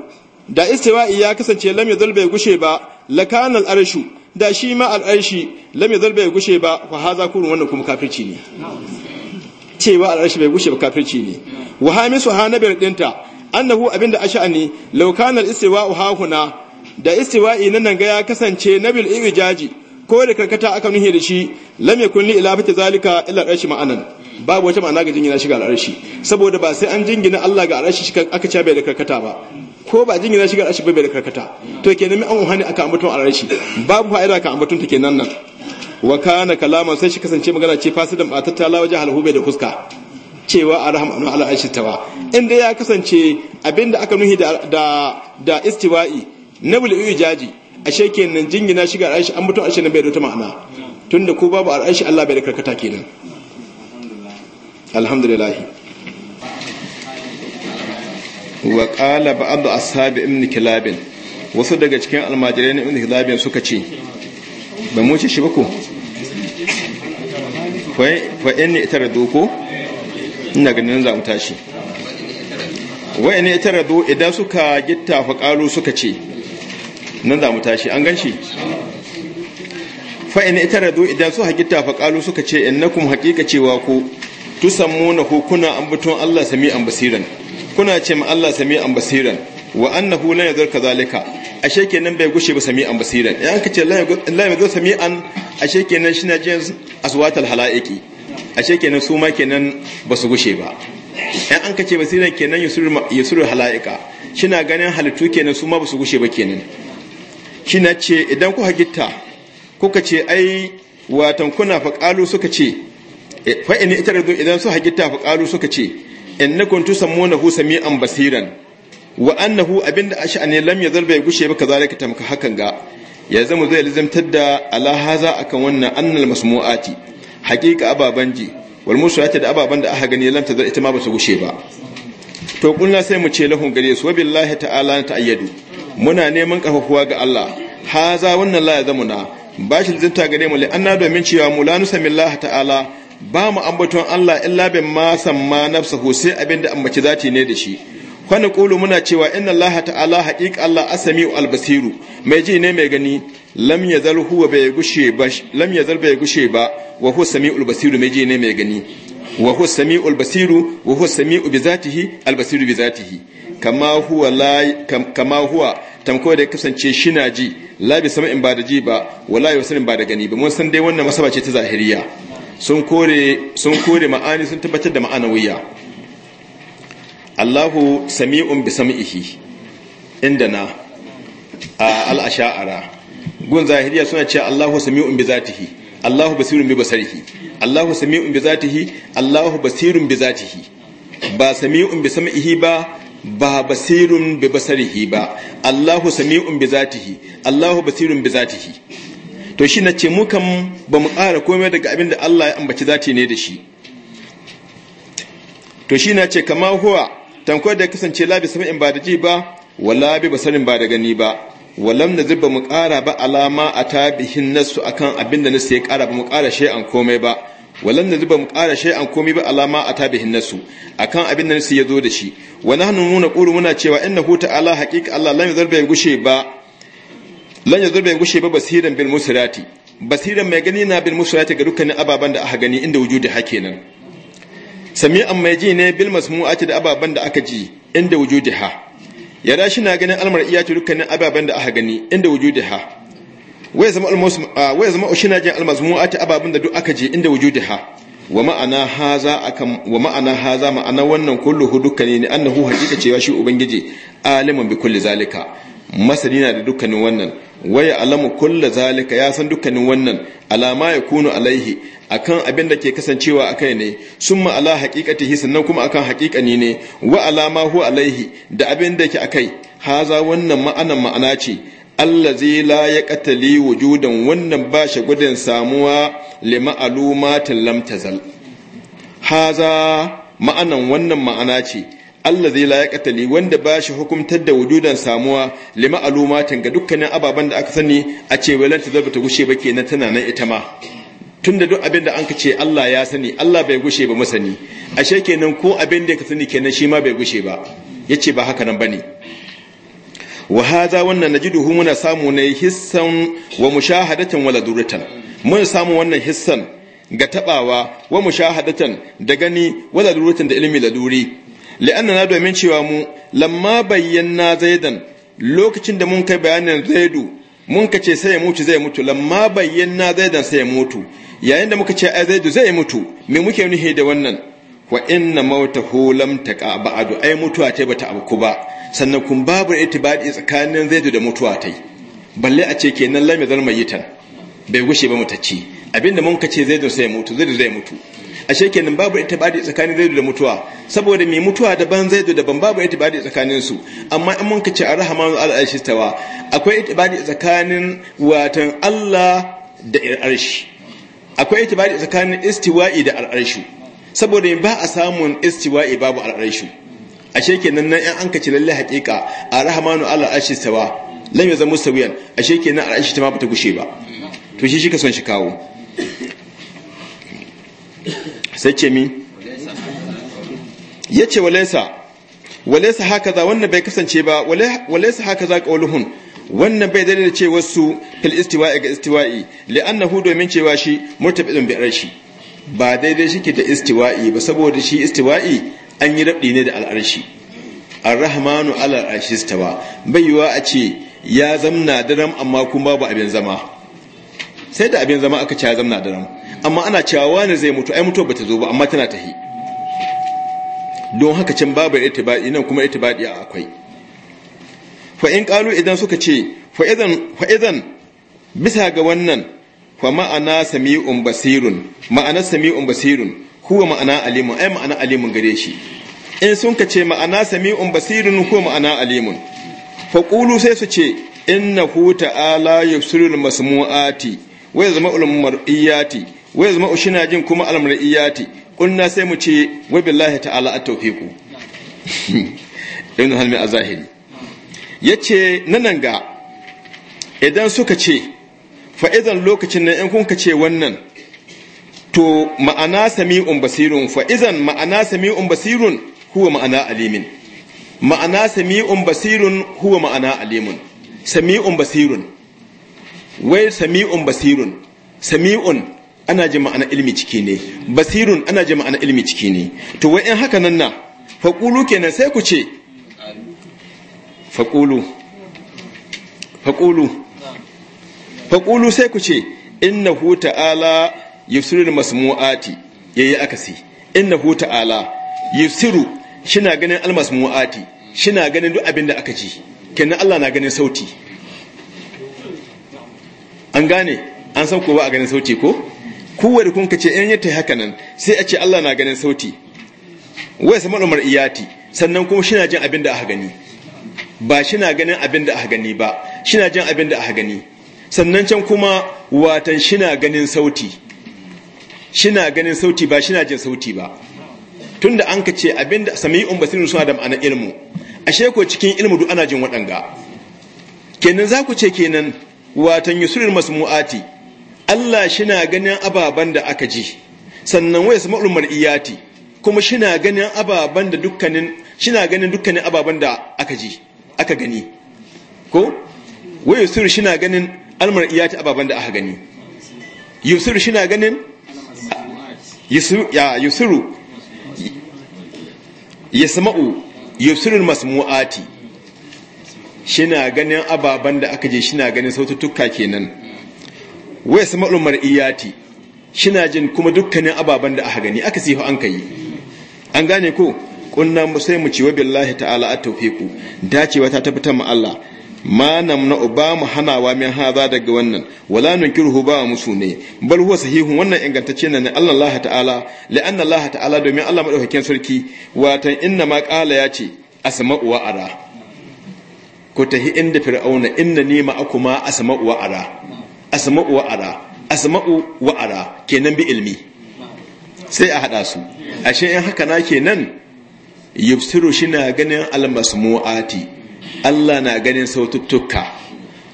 da istiwa'i ya kasance lam yadhal bai gushe ba la kana al-arshu da shi ma al-arshi lam yadhal bai gushe ba fa haza kun wannan kuma kafirci ne cewa al-arshi bai gushe ba kafirci ne wa hamisu hanabir dinta annahu abinda asha'ani law kana al-istiwa'u hahuna da istiwa'i nan nan ga ya kasance nabil iwijaji ko da karkata aka nuhe da shi lam yakun li ila fata zalika illa arshi ma'anan babu wata ma'ana ga jingina shi ga arshi saboda ba sai an jingina Allah ga arshi shi aka ce bai da karkata ba ko ba jingina shi ga arshi bai da karkata to kenan mi an uhani aka ambaton arshi babu fa'ida ka ambaton ta kenan nan wa kana kalama sai shi kasance magana ce fasidan batatta la waje hubai da fuska cewa arhamu ala arshi tawa inda ya kasance abinda aka nuhi da da istiwa'i na jaji a ashe nan jingina shiga al'aishi an mutum ashe nan bai da wata ma'ana tunda ko babu al'aishi Allah bai da karkata kenan alhamdulillah wa qala ba'd ashabi ibn kilabin wasu daga cikin almajirai na ibn kilabin suka ce ba mu ce shi ba ko fa inni itaradu ko ina ganin za mu tashi wa inni itaradu idan suka gitta fa qalu suka ce nan za mu tashi an gan shi fa'in ita rado idan su fa faƙalu suka ce innakum haqiqa cewa ku tusammuna ku kuna ambaton Allah sami an basiran kuna ce ma Allah sami an basiran wa annahu la yadhur kadhalika ashe kenan bai gushe ba sami an basiran idan ka ce la yadhur sami an ashe kenan shi na jin aswatul halaiqi ashe kenan su ma kenan ba su gushe ba idan an ka ce basiran kenan yusur yusur shi shina ganin halittu kenan su ma ba su gushe ba kenan Kina ce idan kuka gitta kuka ce ai watan kuna faƙalu suka ce eh, fa ita da idan su hagitta faƙalu suka ce innakum tusammunahu sami'an basiran wa annahu abinda ash'ani lam yazal bai gushe ba kazalika tamka hakan ga ya zama zai lizamtar da alahaza akan wannan annal masmu'ati haqiqa ababan ji wal musayati da ababan da aka gani lam tazar ita ma ba su gushe ba to kunna sai mu ce lahun gare su billahi ta'ala ta ayyadu muna neman kafafuwa ga Allah haza wannan la ya na, bashi zinta gare mu anna domin cewa mu la nusamillah ta'ala ba mu ambaton Allah illa bin ma samma nafsuhu sai abinda ambaci zati ne da shi kwana kulu muna cewa inna Allah ta'ala haqiqa Allah asami'u albasiru mai ji ne mai gani lam yazal huwa bai gushe ba lam yazal bai gushe ba wa huwa sami'ul basiru mai ji ne mai gani wa huwa sami'ul basiru wa huwa sami'u bi zatihi albasiru bi zatihi kama huwa la da ya tamko da kasance ji labi sama in ba da ji ba wala yusirin ba da gani ba mun san dai wannan masaba ce ta zahiriya sun kore ma'ani sun tabbatar da wuya. Allahu sami'un bi inda na a al'asha'ara gun zahiriya suna cewa Allahu sami'un bi zatihi Allahu basirun bi basarihi Allahu sami'un bi zatihi Allahu basirun bi zatihi ba sami'un bi sami'ihi ba ba basirun bi basarihi ba Allahu sami'un bi zatihi Allahu basirun bi zatihi to shi nace mu kan ba mu ƙara komai daga abin da Allah ya ambaci zati ne da shi to shi nace kama huwa tankwar da kasance labi sami'in ba da ji ba wala bi basarin ba da gani ba walam na ba mu kara ba alama a tabihin nasu akan abin da nasu ya ƙara ba mu ƙara shay'an komai ba walan da zuba mu ƙara shay'an komai ba alama a tabihin nasu akan abin da nasu ya zo da shi wa nahnu nuna qulu muna cewa innahu ta'ala haqiqa Allah lam Allah bai ba lan yadhur bai gushe ba basiran bil musirati basiran mai gani na bil musirati ga dukkanin ababan da aka gani inda wujudi hakenan sami'an mai ji ne bil masmu'ati da ababan da aka ji inda wujudi ha yara shi na ganin almar iya dukkanin ababan da aka gani inda wujudi ha wai zama wai zama ushinajin almazmu'ati ababun da duk aka je inda ha. wa ma'ana haza akan wa ma'ana haza ma'ana wannan hu dukkani ne annahu hakika cewa shi ubangiji aliman bi kulli zalika masani na da dukkanin wannan waya alamu kulla zalika ya san dukkanin wannan alama ya kunu alaihi akan abin da ke kasancewa akai ne summa ala haqiqatihi sannan kuma akan haqiqani ne wa alama hu alaihi da abin da ke akai haza wannan ma'anan ma'ana ce allazi la ya katali wujudan wannan ba shi gudun samuwa lamta lam tazal haza ma'anan wannan ma'ana ce allazi la ya katali wanda ba shi hukumtar da wujudan samuwa lima'alumatin ga dukkanin ababen da aka sani a ce walan zai bata gushe ba kenan tana nan ita ma tunda duk abin da an ka ce Allah ya sani Allah bai gushe ba masani ashe kenan ko abin da ka sani kenan shi ma bai gushe ba yace ba haka nan bane wa haza wannan najiduhu muna samu ne hissan wa mushahadatan wala duratan mun samu wannan hissan ga tabawa wa mushahadatan da gani wala duratan da ilmi laduri na domin cewa mu lamma bayyana zaidan lokacin da mun kai bayanin zaidu mun ka sai ya mutu zai mutu lamma bayyana zaidan sai ya mutu yayin da muka ce ai zaidu zai mutu me muke nuhi da wannan wa inna mautahu lam taqa ba'du ai mutuwa ta bata abku ba sannan kun babu itibadi tsakanin zaidu da mutuwa ta yi. balle a ce kenan lam yi ta. bai gushe ba mutacci abinda mun kace zaidu sai mutu zaidu zai mutu A ke kenan babu itibadi tsakanin zaidu da mutuwa saboda mai mutuwa daban zaidu daban babu itibadi tsakanin su amma in mun kace arhamanu al tawa akwai itibadi tsakanin watan Allah da al'arshi akwai itibadi tsakanin istiwa'i da al'arshi saboda ba a samun istiwa'i babu al'arshi ashe kenan nan an anka ce lalle a rahmanu Allah arshi sawa lam yazamu musawiyan ashe kenan arshi ta ba bata gushe ba to shi shi ka son shi kawo sai ce mi yace walaysa walaysa hakaza wannan bai kasance ba walaysa hakaza qauluhun wannan bai da ce wasu fil istiwa'i ga istiwa'i li'annahu domin cewa shi murtabidun bi arshi ba daidai shike da istiwa'i ba saboda shi istiwa'i an yi rabdi ne da al'arshi ar-rahmanu ala al'arshi stawa baiwa a ce ya zamna daram amma kuma babu abin zama sai da abin zama aka ce ya zamna daram amma ana cewa wani zai mutu ai mutuwa bata zo ba amma tana tahi don haka can babu itibadi nan kuma itibadi akwai fa in qalu idan suka ce fa idan fa idan bisa ga wannan fa ma'ana sami'un basirun ma'ana sami'un basirun huwa ma'ana alimun ai ma'ana alimun gare shi in sun ka ce ma'ana sami'un basirin huwa ma'ana alimun faƙulu sai su ce inna hu ta'ala yusirul masmu'ati wa yazma'ul mar'iyati wa yazma'u shina jin kuma almar'iyati kunna sai mu ce wa billahi ta'ala at-tawfiqu [LAUGHS] ibn halmi azahiri yace nanan ga idan suka ce fa idan lokacin nan in kun ka ce wannan to ma'ana sami'un basirun fa izan ma'ana sami'un basirun huwa ma'ana alimin ma'ana sami'un basirun huwa ma'ana alimun sami'un basirun wai sami'un basirun sami'un ana ji ma'ana ilmi ciki ne basirun ana ji ma'ana ilmi ciki ne to wai in haka nan na faƙulu kenan sai ku ce faƙulu faƙulu faƙulu sai ku ce innahu ta'ala yusirul masmu'ati yayi akasi innahu ta'ala yusiru shina ganin almasmu'ati shina ganin duk abin da aka ji kenan Allah na ganin sauti an gane an san ko ba a ganin sauti ko kowa da kun kace in yatta haka nan sai a ce Allah na ganin sauti wai sama umar iyati sannan kuma shina jin abin da aka gani ba shina ganin abin da aka gani ba shina jin abin da aka gani sannan can kuma watan shina ganin sauti shina ganin sauti ba shina jin sauti ba tunda an ka ce abinda sami'un Basirin suna da ma'anar ilmu ashe ko cikin ilmu duk ana jin waɗanga kenan za ku ce kenan watan yusrul masmu'ati Allah shina ganin ababen da aka ji sannan wai sama'ul mar'iyati kuma shina ganin ababen da dukkanin shina ganin dukkanin ababen da aka ji aka gani ko wai yusrul shina ganin almar'iyati ababen da aka gani yusrul shina ganin yusiru yasma'u yusirul masmu'ati shina ganin ababen da aka je shina ganin saututtuka kenan waya sama'ul mar'iyati shina jin kuma dukkanin ababen da aka gani aka siho an kai an gane ko kunna sai mu ci wa billahi ta'ala at-tawfiqu dacewa ta tabbatar ma Allah ma namna ba mu hanawa min haza daga wannan wala nunkiruhu ba musu ne bal huwa sahihun wannan ingantacce ne Allah Allah ta'ala anna Allah ta'ala domin Allah madaukakin sarki watan inna ma qala ya ce asma'u wa ara ku tahi inda fir'auna inna ni akuma asma'u wa ara asma'u wa ara asma'u wa ara kenan bi ilmi sai a hada su ashe in haka na kenan yubsiru shina ganin almasmuati Allah na ganin saututtuka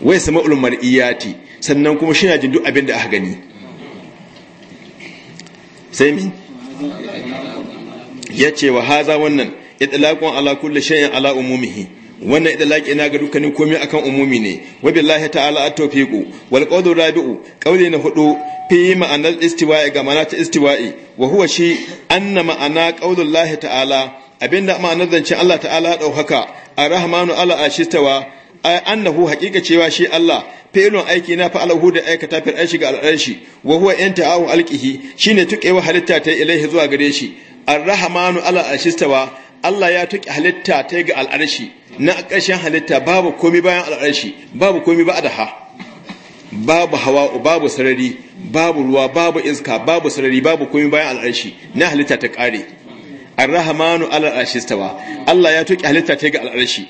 wai sama ulmar iyati sannan kuma shi na jin duk abin da aka gani sai mi ya ce wa haza wannan idlaqun ala kulle shay'in ala umumihi wannan idlaqi na ga dukkanin komai akan umumi ne wa billahi ta'ala at-tawfiqu wal qawlu rabi'u qawli na hudu fi ma'anar istiwa'i ga ma'ana ta istiwa'i wa huwa shi anna ma'ana qawlullahi ta'ala abinda ma'anar zancen Allah ta'ala haka. arrahmanu ala ashistawa ay annahu haqiqa cewa shi Allah fa'ilun aiki na fa alahu da aikata fil ga al'arshi wa huwa inta'u alqihi shine tuƙewa halitta ta ilaihi zuwa gare shi arrahmanu ala ashistawa Allah ya tuke halitta ta ga al'arshi na ƙarshen halitta babu komai bayan al'arshi babu komai ba ha babu hawa babu sarari babu ruwa babu iska babu sarari babu komai bayan al'arshi na halitta ta ƙare ar-rahmanu ala arshi istawa Allah ya tuki halitta ta ga al'arshi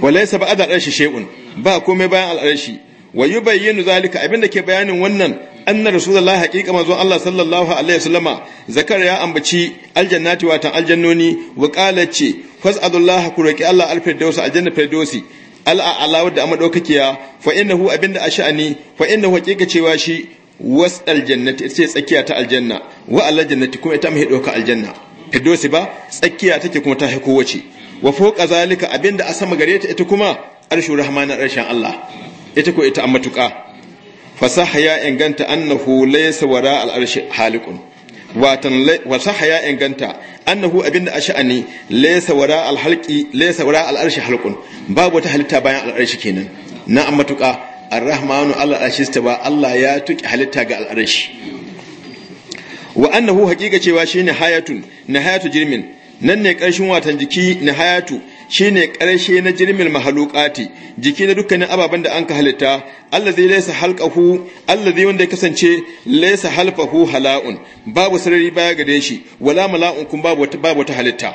walaysa ba'da al'arshi shay'un ba komai bayan al'arshi wa yubayyinu zalika abinda ke bayanin wannan anna rasulullahi haqiqa manzo Allah sallallahu alaihi wasallama zakara ya ambaci aljannati wa tan aljannoni wa qala ce fas'alullaha ku roki Allah al-firdausi aljanna firdausi al'a alawar da amma daukakiya fa innahu abinda asha'ani fa innahu haqiqa cewa shi was aljannati ita ce tsakiya ta aljanna wa alal jannati kuma ita mai dauka aljanna fidosi ba tsakiya take kuma ta haiko wace wa foka zalika abinda a sama gare ta ita kuma arshu rahmanin arshen Allah ita ko ita an matuƙa fasaha ya inganta annahu laysa wara al arsh halikun watan wasaha ya inganta annahu abinda ash'ani laysa wara al halqi laysa wara al arsh haliqun babu ta halitta bayan al arsh kenan na an matuƙa ar-rahmanu Allah al'ashista ba Allah ya tuki halitta ga al'arashi wa annahu haqiqa cewa shine hayatun nihayatu jirmin nan ne karshen watan jiki nihayatu shine karshe na jirmin mahaluqati jiki na dukkanin ababen da an ka halitta allazi laysa halqahu allazi wanda ya kasance laysa halfahu hala'un babu sarari baya gare shi wala mala'un kun babu babu wata halitta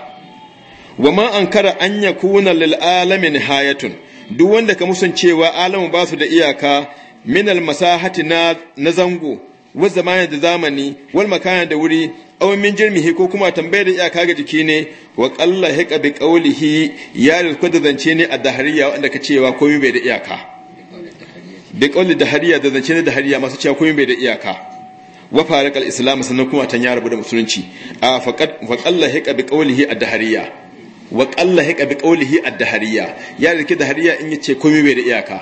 wa ma ankara an yakuna lil alamin hayatun duk wanda ka musan cewa alamu ba su da iyaka min almasa na na zango wa zamanin da zamani wal makana da wuri aw min jirmihi ko kuma tambaye da iyaka ga jiki ne wa qalla hiqa bi qawlihi ya rizku da zance ne a dahariya wanda ka cewa komai bai da iyaka bi qawli dahariya da zance ne dahariya masu cewa komai bai da iyaka wa farakal islam sannan kuma tan ya rabu da musulunci a faqad wa qalla hiqa bi qawlihi a dahariya wa qalla hika bi qawlihi ad-dahariya ya ke dahariya in yace komai bai da iyaka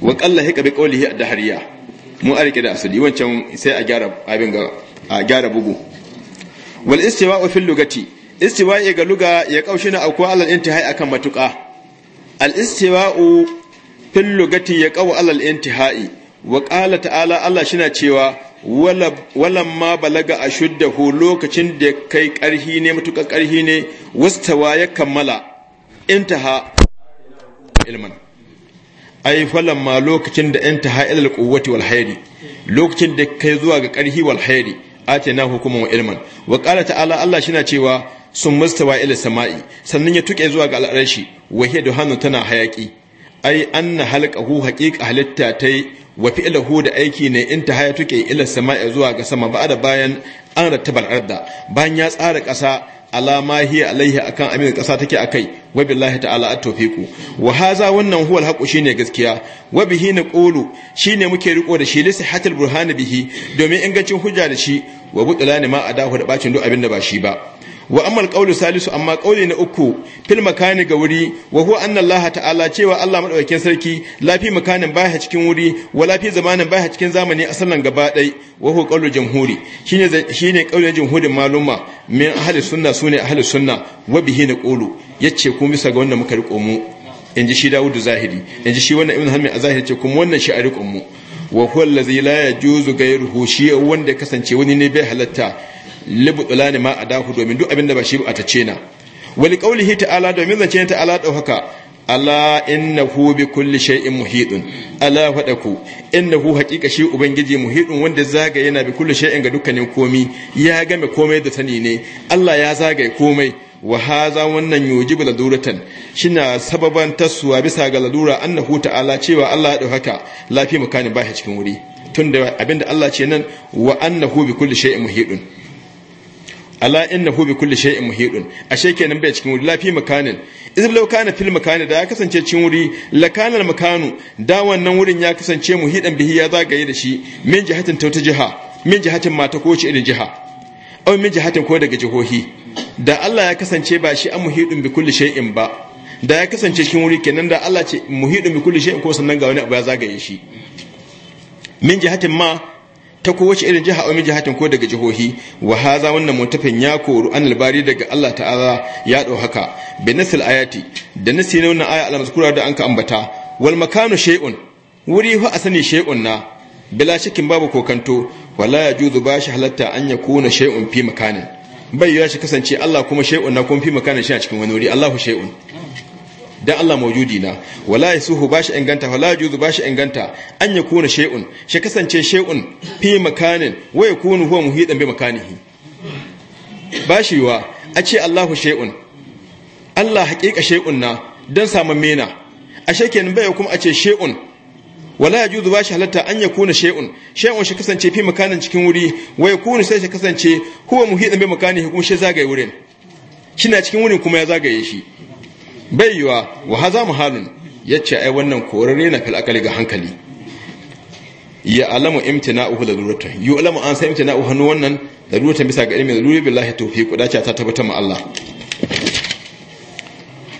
wa qalla hika bi qawlihi ad-dahariya mu a rike da asali wancan sai a gyara abin ga a gyara bugu wal istiwa'u fil lugati istiwa'i ga luga ya na akwa alal intihai akan matuka al istiwa'u fil lugati ya qaw alal intihai wa qala ta'ala Allah shina cewa walan ma balaga a shuddahu lokacin da kai ƙarhi ne matuƙar ƙarhi ne wastawa ya kammala intaha ilman ai falan ma lokacin da intaha ilal quwwati wal hayri lokacin da kai zuwa ga ƙarhi wal hayri atina hukuman wa ilman wa qala ta'ala Allah shi na cewa sun mustawa ila sama'i sannan ya tuke zuwa ga al'arshi wa hiya duhanu tana hayaki ai anna halqahu haqiqa halitta tai Wafi ilahu da aiki ne in ta haya tuke ila sama'i zuwa ga sama ba da bayan an rattabal arda bayan ya tsara ƙasa alama hi alaihi akan amin ƙasa take akai wa billahi ta'ala at-tawfiqu wa haza wannan huwal haqu shine gaskiya wa bihi naqulu shine muke riko da shi lisihatul burhan bihi domin ingancin hujja da shi wa butlani ma adahu da bacin duk abin da ba shi ba wa amal qawlu salisu amma qawli na uku fil makani ga wuri wa huwa anna Allah ta'ala cewa Allah madaukakin sarki lafi makanin baya cikin wuri wa lafi zamanin baya cikin zamani asalan gaba dai wa huwa qawlu jamhuri shine shine qawlin jamhurin maluma min ahli sunna sune ahli sunna wa bihi na qulu yace ku bisa ga wanda muka riko mu inji shi Dawudu Zahiri inji shi wannan Ibn Hazm Zahiri ce kuma wannan shi a riko mu wa huwa allazi la yajuzu ghayruhu shi wanda kasance wani ne bai halatta ne ma adahu domin duk abin da ba shi ba ta ce na wali qaulihi ta'ala domin zance ala dauhaka ala innahu bi kulli shay'in muhidun ala fadaku innahu haqiqa shi ubangiji muhidun wanda zagaye yana bi kulli shay'in ga dukkanin komi ya game komai da sani ne Allah ya zagaye komai wa haza wannan yujibu laduratan shina sababan tasuwa bisa ga ladura annahu ta'ala cewa Allah ya dauka lafi mukanin ba shi cikin wuri tunda abinda Allah ce nan wa annahu bi kulli shay'in muhidun ala hu bi kulli shay'in muhidun ashe kenan bai cikin wuri lafi makanin idan law kana fil makani da ya kasance cikin wuri la kana al makanu da wannan wurin ya kasance muhidan bihi ya zagaye da shi min jihatin ta jiha min jihatin mata ko ci irin jiha aw min jihatin ko daga jihohi da Allah ya kasance ba shi an muhidun bi kulli shay'in ba da ya kasance cikin wuri kenan da Allah ce muhidun bi kulli shay'in ko sannan ga wani abu ya zagaye shi min jihatin ma ta kowace irin jiha omi jihatin ko daga jihohi wa haza wannan mutafin ya koru an albari daga Allah ta'ala ya dau haka bi ayati da nasi ne wannan aya al-mazkura da anka ambata wal makanu shay'un wuri fa asani shay'un na bila shakin babu kokanto wala yajuzu shi halatta an yakuna shay'un fi makanin bai ya shi kasance Allah kuma shay'un na kuma fi makanin shi a cikin wani wuri Allahu shay'un dan Allah mawjudi na wala yasuhu bashi inganta wala yajuzu bashi inganta an yakuna shay'un shi kasance shay'un fi makanin wa yakunu huwa muhidan bi makanihi bashi wa a ce Allahu shay'un Allah haqiqa shay'un na dan samun mena a kenan bai kuma a ce shay'un wala yajuzu bashi halatta an yakuna shay'un shay'un shi kasance fi makanin cikin wuri wa yakunu sai shi kasance huwa muhidan bi makanihi kuma shi zagaye wurin shi na cikin wurin kuma ya zagaye shi bai yiwa wa haza Ya ce ai wannan korare na fil akali ga hankali ya alamu uhu da luratan yu alamu an sai uhu hannu wannan da luratan bisa ga ilmi lurri billahi kuda da ta tabbata ma Allah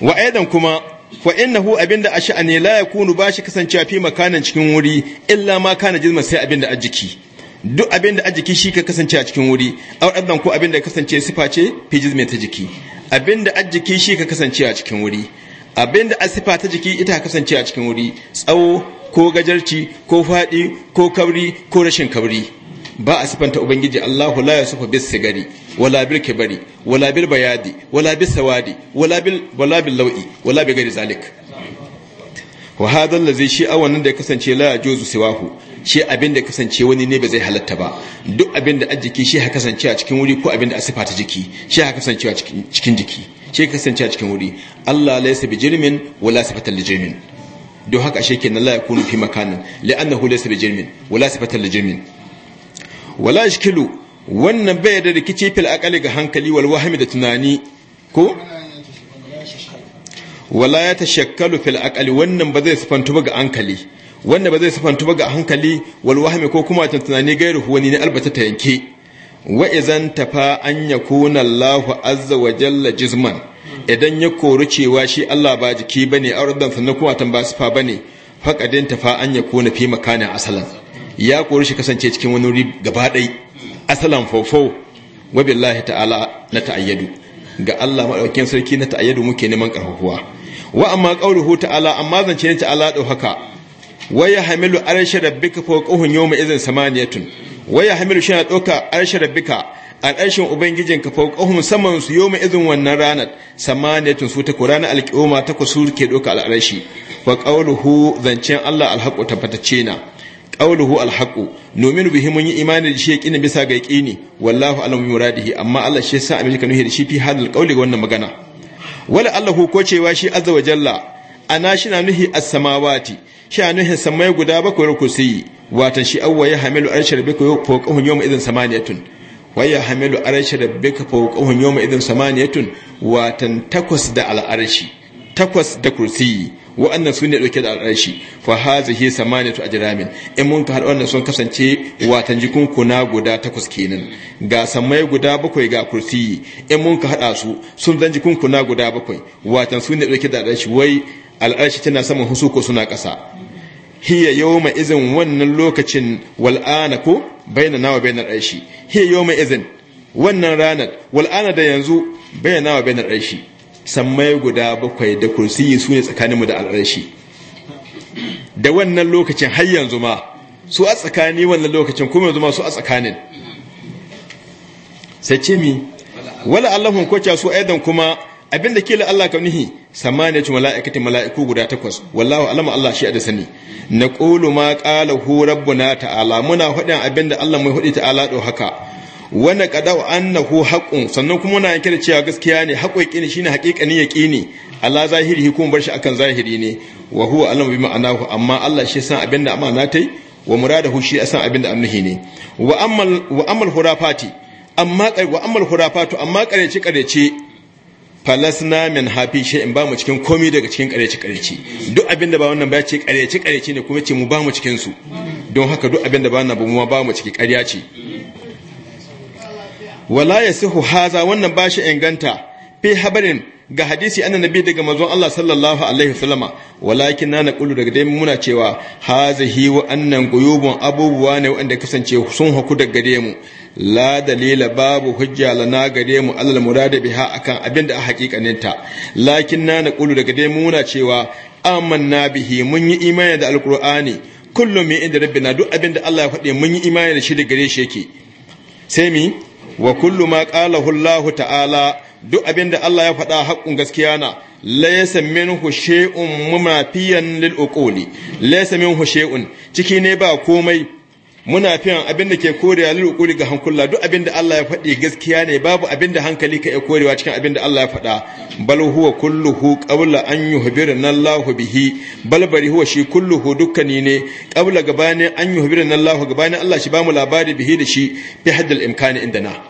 wa aidan kuma fa innahu abinda ash'ani la yakunu bashi kasancewa fi makanan cikin wuri illa ma kana jizma sai abinda ajiki duk abinda ajiki shi ka kasance a cikin wuri aw abdan ko abinda kasance sifa ce fi jizmin ta jiki abinda ajjiki shi ka kasance a cikin wuri abinda asifa ta jiki ita kasance a cikin wuri tsawo ko gajarci ko faɗi ko kabri ko rashin kabri ba a sifanta ubangiji Allahu la sufa bis sigari wala bil kibari wala bil bayadi wala bis sawadi wala bil wala bil lawi wala bi gari zalik wa hadha allazi shi awanin da ya kasance la yajuzu siwahu shi abin da kasance wani ne ba zai halatta ba duk abin da ajiki shi ha kasance a cikin wuri ko abin da asifa ta jiki shi ha kasance a cikin jiki shi kasance a cikin wuri Allah laysa bi jirmin wala sifatan li jirmin don haka shi kenan la yakunu fi makanin li'annahu laysa bi jirmin wala sifatan li jirmin wala yashkilu wannan bai da rikici fil aqali ga hankali wal wahmi da tunani ko wala ya tashakkalu fil aqali wannan ba zai sifantu ba ga hankali wanda ba zai sifantu ba ga hankali wal ko kuma tun tunani gairu wani ne albata ta yanke wa izan tafa an ya kuna Allahu azza wa jalla jizman idan ya kori cewa shi Allah ba jiki bane rudan sannan kuma tan ba sifa bane faqadin tafa an ya kuna fi makana asalan ya kori shi kasance cikin wani wuri gaba dai asalan fofo wa billahi ta'ala na ta'ayyadu ga Allah madaukakin sarki na ta'ayyadu muke neman karfafuwa wa amma qauluhu ta'ala amma zance ne ta'ala dau haka waya hamilu arshe rabbika fawqahum yawma idhin samaniyatun waya hamilu shi doka arshe rabbika al'arshin ubangijinka fawqahum saman su yawma idhin wannan ranar samaniyatun su ta qur'ana qiyama ta ku su ke al arshi fa qawluhu zancin Allah alhaqu Tabbatace na qawluhu alhaqu nu'minu bihi mun yi imani da shi yakin bisa ga yaqini wallahu alamu muradihi amma Allah shi yasa amilka ka nuhi da shi fi hadal qawli ga wannan magana wala allahu ko cewa shi azza wa jalla ana shi na nuhi a samawati shi na nuhi samai guda bakwai yi watan shi awa ya hamilu arshi rabbika fawqahum yau ma'izin samaniyatun wa ya hamilu arshi rabbika fawqahum yau ma'izin samaniyatun watan takwas da al'arshi takwas da kursi wa'annan su ne dauke da al'arshi fa haza hazihi samaniyatu ajramin in mun ka har wannan sun kasance watan jikun kuna guda takwas kenan ga samai guda bakwai ga kursi in mun ka hada su sun zan jikun kuna guda bakwai watan su ne dauke da al'arshi wai al'arshi tana saman husu ko suna ƙasa hiya mai izin wannan lokacin wal'ana ko bayyana nawa bayyana arshi hiya mai izin wannan ranar wal'ana da yanzu bayyana nawa bayyana arshi sammai guda bakwai da yi su ne tsakaninmu da al'arshi da wannan lokacin har yanzu ma su a tsakani wannan lokacin kuma yanzu ma su a tsakanin sai ce mi wala allahun kwacha su aidan kuma abin da kila Allah kaunihi nihi ci ce mala'ikati mala'iku guda takwas wallahu alama Allah shi da sani na qulu ma qala hu rabbuna ta'ala muna hudin abin da Allah mai hudi ta'ala do haka an na qadau annahu haqqun sannan kuma muna kira cewa gaskiya ne haƙoƙi ne shine ya yaqini Allah zahiri kuma bar shi akan zahiri ne wa huwa alamu bi ma'anahu amma Allah shi san abin da amana tai wa muradahu shi san abin da amnihi ne wa amal wa amal hurafati amma wa amal hurafatu amma kareci kareci falasna min hafi shay'in ba mu cikin komai daga cikin kareci kareci duk abinda ba wannan ba ce ne kuma ce mu ba mu cikin su don haka duk abinda ba wannan ba mu ba mu cikin ƙarya ce wala yasihu haza wannan ba shi inganta fi habarin ga hadisi annabi daga manzon Allah sallallahu alaihi wasallama walakin na naqulu daga dai muna cewa hazihi wa annan quyubun abubuwa ne wanda kasance sun haku daga gare mu la dalila babu hujja lana gare mu alal murada biha akan abinda a hakikaninta. ta lakin na naqulu daga dai muna cewa amanna bihi mun yi imani da alqur'ani kullum min inda rabbina duk abinda da Allah ya faɗi mun yi imani da shi da gare shi yake sai mi wa kullu ma qalahu Allah ta'ala duk abinda Allah ya faɗa haƙƙun gaskiya na laysa minhu shay'un mumafiyan lil uquli laysa minhu shay'un ciki ne ba komai muna fiyan abin da ke korewa kuri ga hankula duk abin da Allah ya faɗi gaskiya ne babu abin da hankali ka iya korewa cikin abin da Allah ya faɗa bal huwa kulluhu qabla an yuhbirna nallahu bihi bal bari huwa shi kulluhu dukkani ne qabla gabani an yuhbirna nallahu gabani Allah shi bamu labari bihi da shi fi haddal imkani indana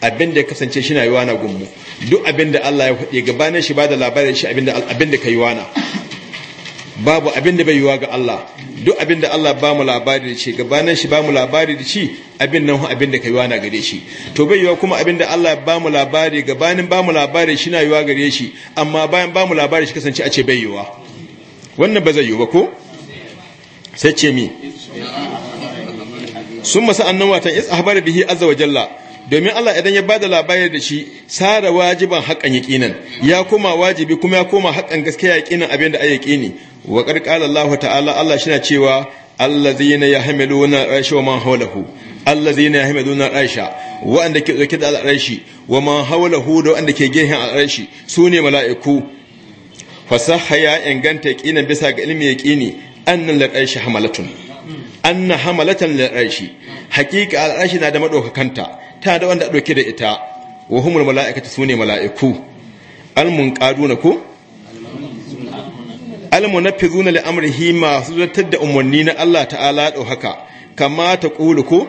abin da ya kasance shi na yiwa na gummu duk abin da Allah ya faɗi gabanin shi ba da labarin shi abinda abinda abin da ka yiwa na babu abin da bai yiwa ga Allah duk abin da Allah ba mu labari da shi gabanin shi ba mu labari da shi abin nan abin da kai wana na gare shi to bai yiwa kuma abin da Allah ba mu labari gabanin ba mu labari shi na yiwa gare shi amma bayan ba mu labari shi kasance a ce bai yiwa wannan ba zai yiwu ba ko sai ce mi sun masa annan ta is ahbara bihi azza wa jalla domin Allah idan ya ba da labari da shi sara wajiban haƙan yaqinan ya koma wajibi kuma ya koma haƙan gaskiya yaqinan abin da ayi yaqini wa ƙarƙalar qala Allah ta'ala Allah shi na cewa Allah zai na allazina yahmiluna ƙarshe wa man ya allazina yahmiluna ƙarshe wa'anda ke dauke da al'arshi wa man haulahu da wa'anda ke gehen al'arshi ne mala'iku fasaha ya inganta yaqinan bisa ga ilmi yaqini annal ƙarshe hamalatun anna hamalatan lil arshi haqiqa al na da maɗaukakanta ta da wanda ɗauke da ita wa humul mala'ikatu su ne mala'iku almun ƙaduna ko zuna li amrihi masu zartar da umarni na Allah ta'ala ɗau haka Kamata ta ƙulu ko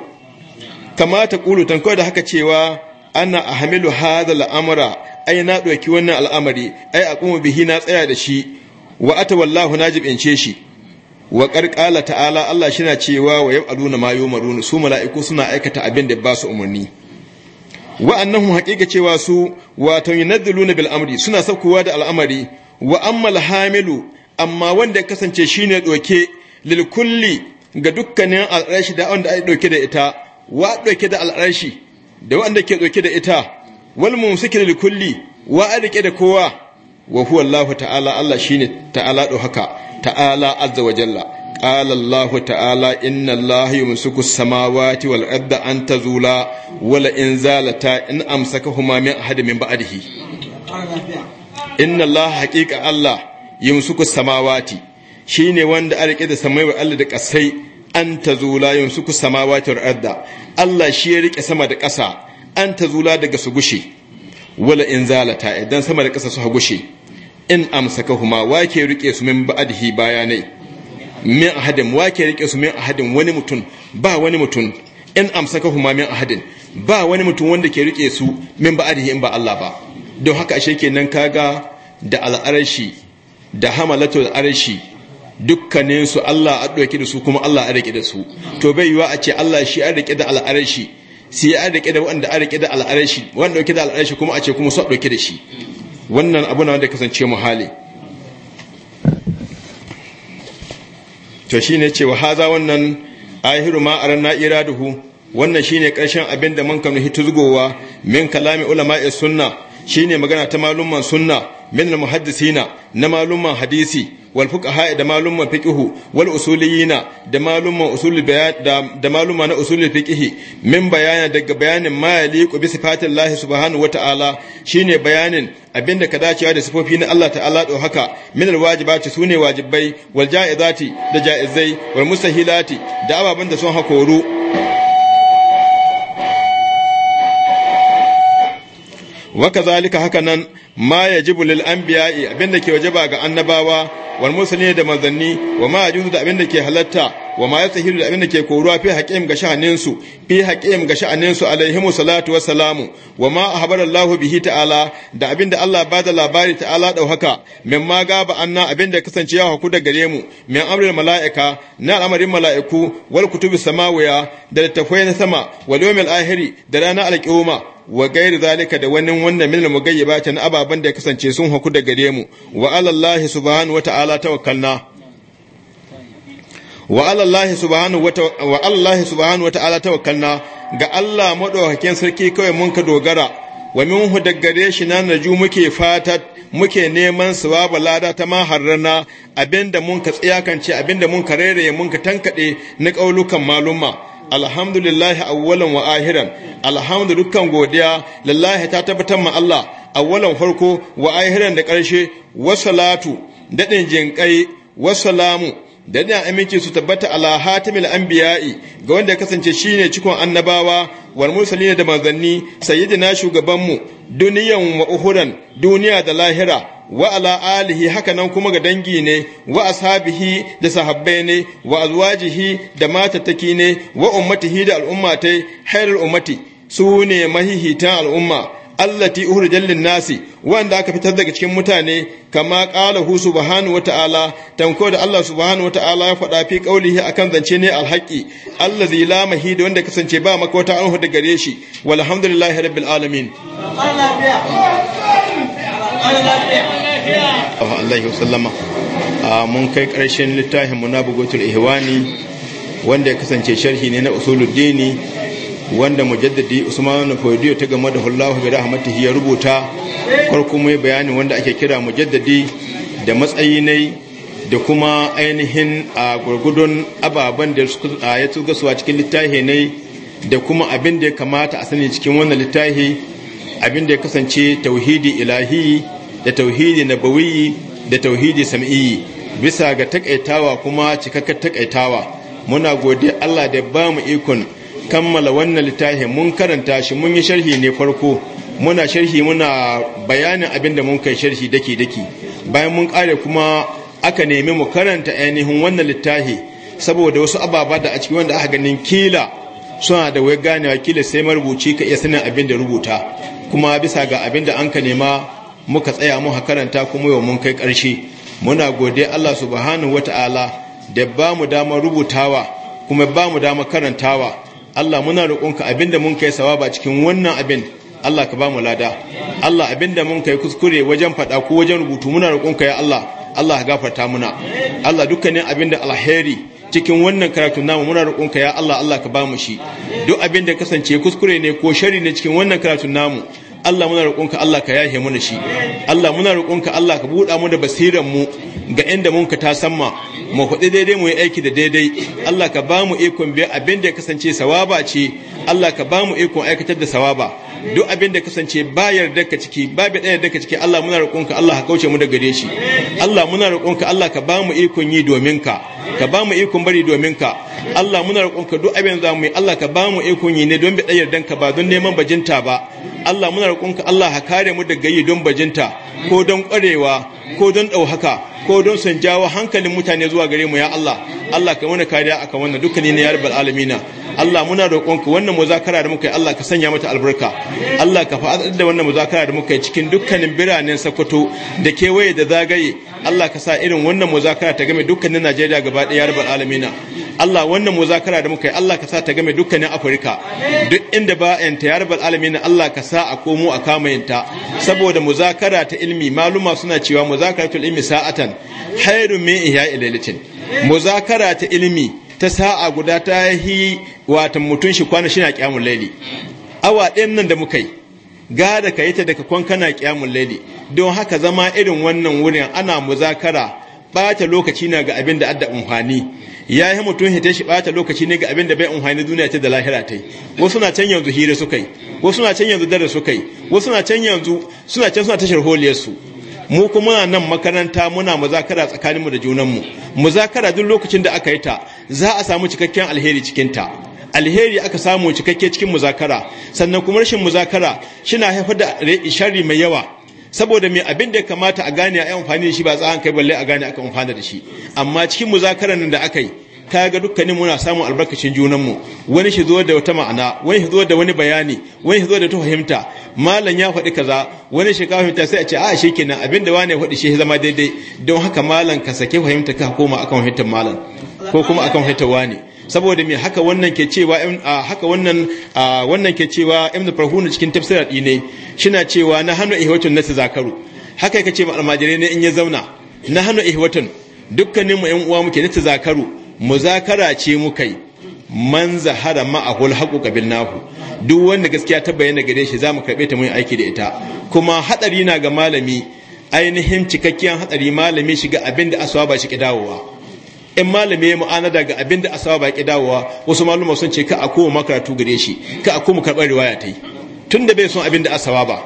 kama ta ƙulu da haka cewa ana a hamilu haza la’amura ai na ɗauki wannan al'amari ai aqumu bihi na tsaya da shi wa na jibince shi wa ƙarƙala ta'ala Allah shi na cewa wa yau yab'aluna ma maruni su mala'iku suna aikata abin da ba su umarni wa annahum haqiqa cewa su na yunaddiluna bil amri suna saukowa da al'amari wa ammal hamilu amma wanda ya kasance shine doke lil kulli ga dukkanin al'arshi da wanda ai doke da ita wa doke da al'arshi da wanda ke doke da ita wal mumsiki lil kulli wa arike da kowa wa huwa Allah ta'ala Allah shine ta'ala do haka ta'ala azza wa jalla قال الله تعالى إن الله يمسك السماوات والأرض أن تزولا ولئن زالتا إن أمسكهما من أحد من بعده إن الله حقيقة الله يمسك السماوات shine wanda a rike da samai Allah da kasai an tazula yumsuku samawati wal arda Allah shi ya rike sama da ƙasa an tazula daga su gushe wala in zalata idan sama da ƙasa su ha gushe in amsakahuma wake rike su min ba'dihi bayanai min ahadin wa ke rike su min ahadin wani mutum ba wani mutum in amsaka huma min ahadin ba wani mutum wanda ke rike su min ba'adihi in ba Allah ba don haka ashe kenan kaga da al'arashi da hamalatu al'arashi dukkanin su Allah a dauke da su kuma Allah a rike da su to bai yiwa a ce Allah shi a rike da al'arashi sai a rike da wanda a rike da al'arashi wanda dauke da al'arashi kuma a ce kuma su a dauke da shi wannan abu na wanda kasance muhali to shi ne cewa haza wannan ahiru ma naira duhu wannan shi ne karshen abin da man kamar zugowa min kalami ulama'i e sunna ne magana ta malumman sunna min muhaddisina na malumman hadisi wal fuqaha da malumman fiqhu wal usuliyina da usul bayan da maluma na usul fiqhi min bayana daga bayanin ma yaliqu bi sifatillahi subhanahu wa ta'ala shine bayanin abinda ka dacewa da sifofi na Allah ta'ala do haka min alwajibati sune wajibai wal ja'izati da ja'izai wal mustahilati da ababen da sun hakoru wa kazalika haka nan ma yajibu lil anbiya'i abinda ke wajaba ga annabawa wal muslimin da manzanni wa ma yajuzu da abinda ke halatta wa ma yastahiru da abin da ke koruwa fi haƙim ga sha'anin su fi haƙim ga sha'anin su alaihimu salatu wa salamu wa ma ahbarallahu bihi ta'ala da abin da Allah ba da labari ta'ala dau haka min ma gaba anna abin da kasance ya haku da gare mu min amrul mala'ika na al'amarin mala'iku wal kutubi samawiya da tafai na sama wal yawmil ahiri da ranar alƙiyoma wa gairi zalika da wani wannan min mugayyibata na ababen da kasance sun haku da gare mu wa alallahi subhanahu wa ta'ala tawakkalna wa Allah subhanahu wa ta'ala tawakkalna ga Allah madaukakin sarki kawai mun ka dogara wa minhu daggare shi na naju muke fata muke neman sawaba lada ta ma harrana abinda mun ka tsiyakance abinda mun ka rereye mun ka tankade na kaulukan malumma alhamdulillah awwalan wa ahiran alhamdu dukkan godiya lillahi ta tabbatar ma Allah awwalan farko wa ahiran da karshe wa salatu dadin jinkai wa salamu daɗin aminci su tabbata ala hatimil anbiya'i ga wanda ya kasance shi ne cikon annabawa wal musulmi da manzanni sayyidina shugabanmu duniyan wa uhuran duniya da lahira wa ala alihi haka nan kuma ga dangi ne wa ashabihi da sahabbai ne wa azwajihi da matattaki ne wa ummatihi da al'ummatai hairul ummati su ne mahihitan al'umma allati uhrijal lin nasi wanda aka fitar daga cikin mutane kama qala hu subhanahu wa ta'ala tanko da Allah subhanahu wa ta'ala ya faɗa fi qaulihi akan zance ne alhaqi allazi la mahid wanda kasance ba maka wata anhu da gare shi walhamdulillahi rabbil alamin Allahu sallama mun kai karshen littafin munabugatul ihwani wanda ya kasance sharhi ne na usuluddini wanda mujaddadi usman fodiyo ta game da hullahu bi rahmatihi ya rubuta farko mai bayani wanda ake kira mujaddadi da matsayi ne da kuma ainihin a gurgudun ababen da ya tuga a cikin littafi ne da kuma abin da ya kamata a sani cikin wannan littafi abin da ya kasance tauhidi ilahi da tauhidi nabawi da tauhidi sam'i bisa ga takaitawa kuma cikakken takaitawa muna gode Allah da ba mu ikon kammala wannan littafin mun karanta shi mun yi sharhi ne farko muna sharhi muna bayanin abin da mun kai sharhi dake-dake bayan mun kare kuma aka nemi mu karanta ainihin wannan littafi saboda wasu ababa da a cikin wanda aka ganin kila suna da wai ganewa kila sai marubuci ka iya sanin abin da rubuta kuma bisa ga abin da an ka nema muka tsaya muka karanta kuma yau mun kai karshe muna gode Allah subhanahu wata'ala da ba mu dama rubutawa kuma ba mu dama karantawa Allah muna roƙonka abinda mun kai sawaba cikin wannan abin Allah ka ba mu lada Allah abinda mun kai kuskure wajen faɗa ko wajen rubutu muna roƙonka ya Allah Allah gafarta muna Allah dukkanin abinda alheri cikin wannan karatu namu muna roƙonka ya Allah Allah ka bamu shi duk abin da kasance kuskure ne ko shari ne cikin wannan karatu namu Allah muna roƙonka Allah ka yahe mana shi Allah muna roƙonka Allah ka buɗa mu da basiran mu ga inda mun ka tasamma mu faɗi daidai mu yi aiki da daidai Allah ka ba mu ikon biya abin da ya kasance sawaba ce Allah ka ba mu ikon aikatar da sawaba duk abin da kasance ba yarda ka ciki ba bi ɗaya ka ciki Allah muna roƙonka Allah ka kauce mu da gare shi Allah muna roƙonka Allah ka ba mu ikon yi domin ka ka ba mu ikon bari domin ka Allah muna roƙonka duk abin za mu yi Allah ka ba mu ikon yi ne don bi ɗaya yardan ka ba don neman bajinta ba Allah muna roƙonka Allah ha kare mu daga yi don bajinta ko don ƙwarewa ko don ɗauhaka ko don san jawo hankalin mutane zuwa gare mu ya Allah Allah ka mana kariya akan wannan dukkanin ne ya rabbal alamina Allah muna roƙonka wannan muzakara da muka yi Allah ka sanya mata albarka Allah ka fa'adar da wannan muzakara da muka yi cikin dukkanin biranen Sokoto da kewaye da zagaye Allah ka sa irin wannan muzakara ta game dukkanin Najeriya gaba ɗaya rabbal alamina Allah wannan muzakara da muka yi Allah ka sa ta game dukkanin Afirka duk inda ba yanta ya alamina Allah ka sa a komo a kamayinta saboda muzakara ta ilmi maluma suna cewa muzakara ta ilmi sa'atan in min yi lailatin muzakara ta ilmi ta sa'a guda ta yi watan mutun shi kwana shi na kyamun laili awa ɗin nan da muka yi gada ka yi ta daga kana kyamun laili don haka zama irin wannan wurin ana muzakara bata lokaci na ga abin da adda umhani ya yi mutum hita shi bata lokaci ne ga abin da bai umhani duniya ta da lahira ta yi. wasu na can yanzu hira su kai wasu na can yanzu dare su kai wasu na can yanzu suna can suna tashar holiyarsu mu kuma nan makaranta muna muzakara tsakaninmu da junanmu muzakara duk lokacin da aka yi ta za a samu cikakken alheri cikin ta alheri aka samu cikakke cikin muzakara sannan kuma rashin muzakara shi na haifar da sharri mai yawa saboda mai abin da kamata a gane a yi amfani da shi ba tsahan kai balle a gane aka amfana da shi amma cikin muzakarar nan da aka yi ga dukkanin muna samun albarkacin junanmu wani shi zo da wata ma'ana wani shi zo da wani bayani wani shi zo da ta fahimta malam ya faɗi kaza wani shi ka fahimta sai a ce a shi kenan abin da wani ya faɗi shi zama daidai don haka malam ka sake fahimta ka koma akan fahimtar malam ko kuma akan fahimtar wani saboda mai haka wannan ke cewa haka wannan wannan ke cewa ibn farhuna cikin tafsir ne shina cewa na hanu ihwatun nasu zakaru haka yake ce ma almajirai ne in ya zauna na hanu ihwatun dukkanin mu yan uwa muke nasu zakaru muzakara ce mu kai man zahara ma'ahul haqu qabil nahu duk wanda gaskiya ta bayyana gare shi zamu karbe ta mun aiki da ita kuma hadari na ga malami ainihin cikakkiyar hatsari malami shiga abinda da ba shi ki dawowa in malami ya ma'ana daga abin da asawa baki dawowa wasu malama sun ce ka a koma makaratu gare shi ka a koma karɓar riwaya ta yi tun da bai son abin da asaba ba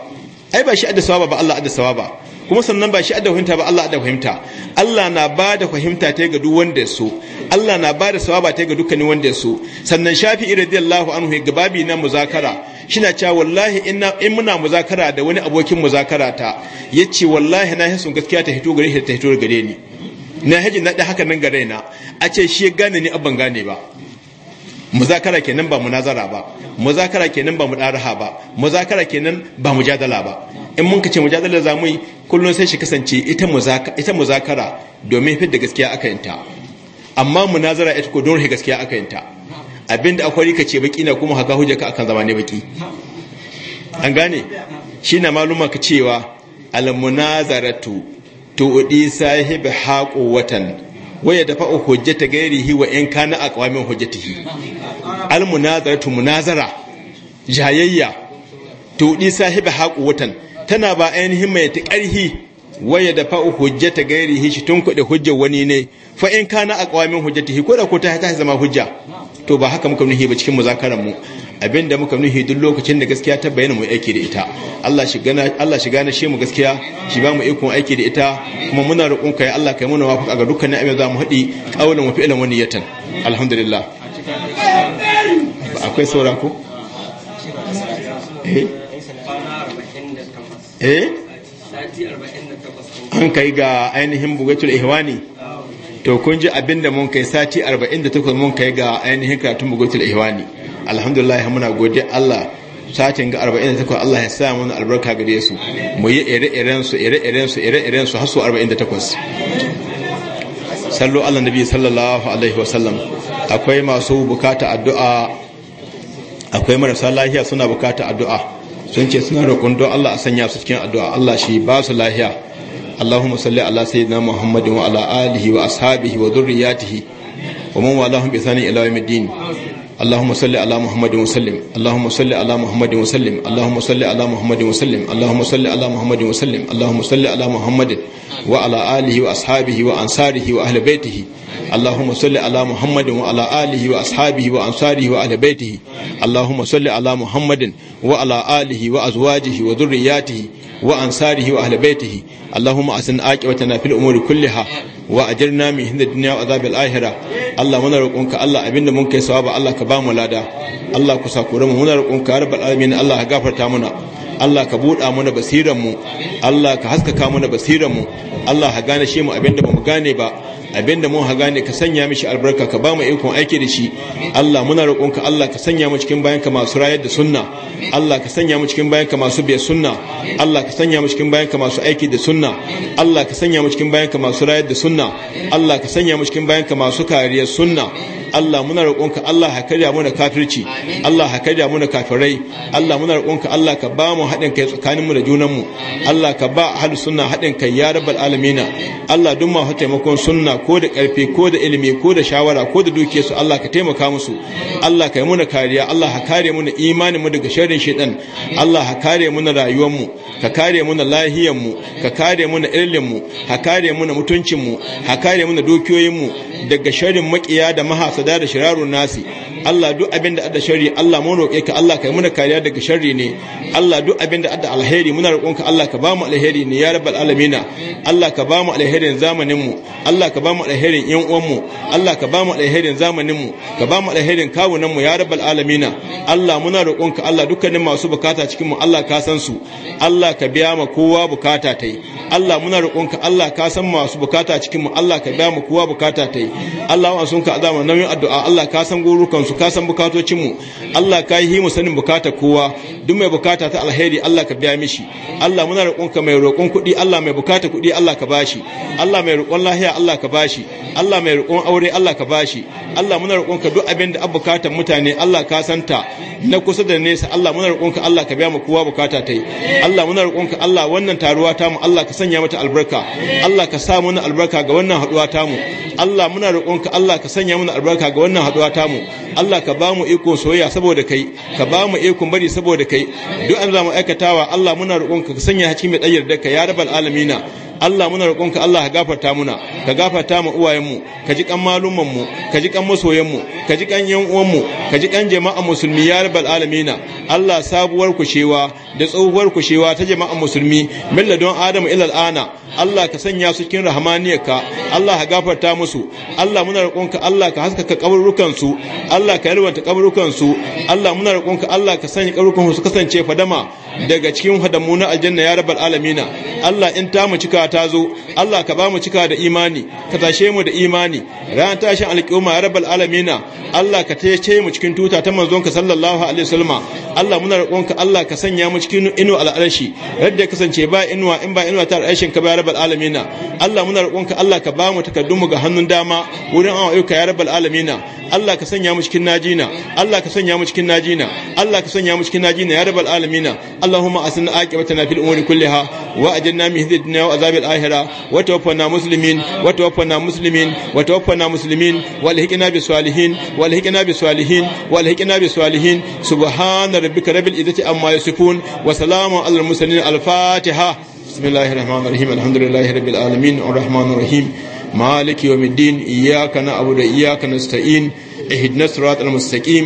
ai ba shi adda sawaba ba Allah adda sawaba kuma sannan ba shi adda fahimta ba Allah adda fahimta Allah na ba da fahimta ta ga duk wanda so Allah na ba da sawaba ta ga dukkanin wanda so sannan Shafi'i radiyallahu anhu ga babi na muzakara shina cewa wallahi in muna muzakara da wani abokin muzakara ta yace wallahi na hisun gaskiya ta hito gare shi ta hito gare ni na hajji na haka nan ga raina a ce shi ya gane ni abin gane ba muzakara kenan ba mu nazara ba muzakara kenan ba ɗaraha ba muzakara kenan ba mujadala ba in mun ka ce mujadala za mu yi kullum sai shi kasance ita muzakara domin fit gaskiya aka yinta amma munazara ita ko don gaskiya aka yinta abinda akwai ka ce baki na kuma haka hujjaka akan zama ne baki an gane shi na maluma ka cewa al munazaratu tuɗi sahib haƙo watan waya dafa hujjata gairihi wa in kana aqwamin hujjatihi al munazaratu munazara jayayya tuɗi sahib haƙo watan tana ba ainihin mai ta ƙarhi waya dafa hujjata gairihi shi tun kuɗe hujjar wani ne fa in kana aqwamin hujjatihi ko da ko ta ta zama hujja to ba haka muka nuhi ba cikin muzakaran mu Abin da muka nuhi duk lokacin da gaskiya ta bayyana mu aiki da ita Allah shi gana Allah shi gane shi mu gaskiya shi ba mu iko aiki da ita kuma muna roƙon kai Allah kai muna wafa ga dukkan abin za mu haɗi kaulan wa fi'lan wa niyatan alhamdulillah akwai sauran ko eh eh an kai ga ainihin bugatul ihwani to kun ji da mun kai sati 48 mun kai ga ainihin karatun bugatul ihwani alhamdulillah muna gode Allah satin ga 48 Allah ya sa mana albarka gare su mu yi ire-iren su ire-iren su ire-iren su har su 48 sallu Allah nabi sallallahu alaihi wa sallam akwai masu bukata addu'a akwai marasa lahiya suna bukata addu'a sun ce suna roƙon don Allah a sanya su cikin addu'a Allah shi ba su lahiya Allahumma salli ala sayyidina Muhammadin wa ala alihi wa ashabihi wa dhurriyyatihi wa man walahum bi ihsani ila اللهم صل على محمد وسلم اللهم صل على محمد وسلم اللهم صل على محمد وسلم اللهم صل على محمد وسلم اللهم صل على محمد وعلى آله وأصحابه وأنصاره وأهل بيته اللهم صل على محمد وعلى آله وأصحابه وأنصاره وأهل بيته اللهم صل على محمد وعلى آله وأزواجه وذرياته wa'ansarihu a halbe ta hi allahuma a san ake wa tana fila umaru kulli wa a jar na muhin da duniyar a allah munar da allah abinda mun kai ba allah ka ba mu lada allah ku sa kuran mu munar da kuka harba alamin allah ga fartana mu allah ka buɗa mu na basiran mu allah ka haskaka mu basiran mu allah ka gane shi mu abinda mu gane ba. abinda mun haga ne ka sanya mishi albarka ka ba mu ikon aiki da shi Allah muna roƙonka Allah ka sanya mu cikin bayanka masu rayar da sunna Allah ka sanya mu cikin bayanka masu biya sunna Allah ka sanya mu cikin bayanka masu aiki da sunna Allah ka sanya mu cikin bayanka masu rayar da sunna Allah ka sanya mu cikin bayanka masu kariyar sunna Allah muna roƙonka Allah ka karya mu da kafirci Allah ka karya mu da kafirai Allah muna roƙonka Allah ka ba mu haɗin kai tsakanin mu da junan mu Allah ka ba hadu sunna haɗin kai ya rabbal alamin Allah duk ma taimakon sunna ko da ƙarfi ko da ilimi ko da shawara ko da dukiya su Allah ka taimaka musu Allah ka yi muna kariya Allah ka kare muna imanin mu daga sharrin shaitan Allah ka kare muna rayuwar mu ka kare muna lahiyar mu ka kare muna ilimin mu ka kare muna mutuncin mu ka kare muna dukiyoyin mu daga sharrin makiya da mahasada da shirarun nasi Allah duk abin da adda sharri Allah mu roƙe ka Allah kai muna kariya daga sharri ne Allah duk abin da adda alheri muna roƙonka Allah ka ba mu alheri ne ya rabbal alamina Allah ka ba mu alherin zamanin mu Allah ka ba mu alherin yan uwan mu Allah ka ba mu alherin zamanin mu ka ba mu alherin kawunan mu ya rabbal alamina Allah muna roƙonka Allah dukkanin masu bukata cikin mu Allah ka san su Allah ka biya ma kowa bukata ta yi Allah muna roƙonka Allah ka san masu bukata cikin mu Allah ka biya ma kowa bukata ta yi Allah wa sun ka azama nauyin addu'a Allah ka san gurukan su ka san bukatocinmu Allah ka yi mu sanin bukata kowa duk mai bukata ta alheri Allah ka biya mishi Allah muna roƙonka mai roƙon kuɗi Allah mai bukata kuɗi Allah ka bashi Allah mai roƙon lahiya Allah ka bashi Allah mai roƙon aure Allah ka bashi Allah muna roƙonka duk abin da abukatan mutane Allah ka santa na kusa da nesa Allah muna roƙonka Allah ka biya mu kowa bukata ta yi Allah muna roƙonka Allah wannan taruwa ta mu Allah ka sanya mata albarka Allah ka sa mana albarka ga wannan haɗuwa ta mu Allah muna roƙonka Allah ka sanya mana albarka ga wannan haɗuwa ta mu Allah ka ba mu iko soyayya saboda kai ka ba mu iko bari saboda kai duk an zamu aikatawa Allah muna roƙonka ka sanya haci mai ɗayyar da ka ya rabal alamina Allah muna roƙonka Allah ka gafarta muna ka gafarta mu uwayenmu ka ji kan malumanmu ka ji kan masoyanmu ka ji kan yan uwanmu ka ji kan jama'a musulmi ya rabbal alamina Allah sabuwar kushewa da tsohuwar kushewa ta jama'a musulmi milla don Adamu ilal ana Allah ka sanya su cikin rahmaniyarka Allah ka gafarta musu Allah muna roƙonka Allah ka haskaka kaburukan su Allah ka yalwanta kaburukan su Allah muna roƙonka Allah ka sanya kaburukan su kasance fadama daga cikin hadamu na aljanna ya rabal alamina Allah in ta mu cika ta zo Allah ka ba mu cika da imani ka tashe mu da imani ran tashin alƙiyama ya rabal alamina Allah ka tashe mu cikin tuta ta manzon ka sallallahu alaihi wasallama Allah muna ka Allah ka sanya mu cikin inu al'arshi radda kasance ba inuwa in ba inuwa ta arshin ka ba ya rabal alamina Allah muna ka Allah ka ba mu takaddun mu ga hannun dama wurin an ayyuka ya rabal alamina Allah ka sanya mu cikin najina Allah ka sanya mu cikin najina Allah ka sanya mu cikin najina ya rabal alamina اللهم أسلنا عاقبتنا في الأمور كلها وأجرنا من هدتنا وعذاب الآخرة وتوفنا مسلمين وتوفنا مسلمين وتوفنا مسلمين والهكنا بالصالحين والهكنا بالصالحين والهكنا بالصالحين سبحان ربك رب العزة عما يصفون وسلام على المرسلين الفاتحة بسم الله الرحمن الرحيم الحمد لله رب العالمين الرحمن الرحيم مالك يوم الدين إياك نعبد وإياك نستعين اهدنا الصراط المستقيم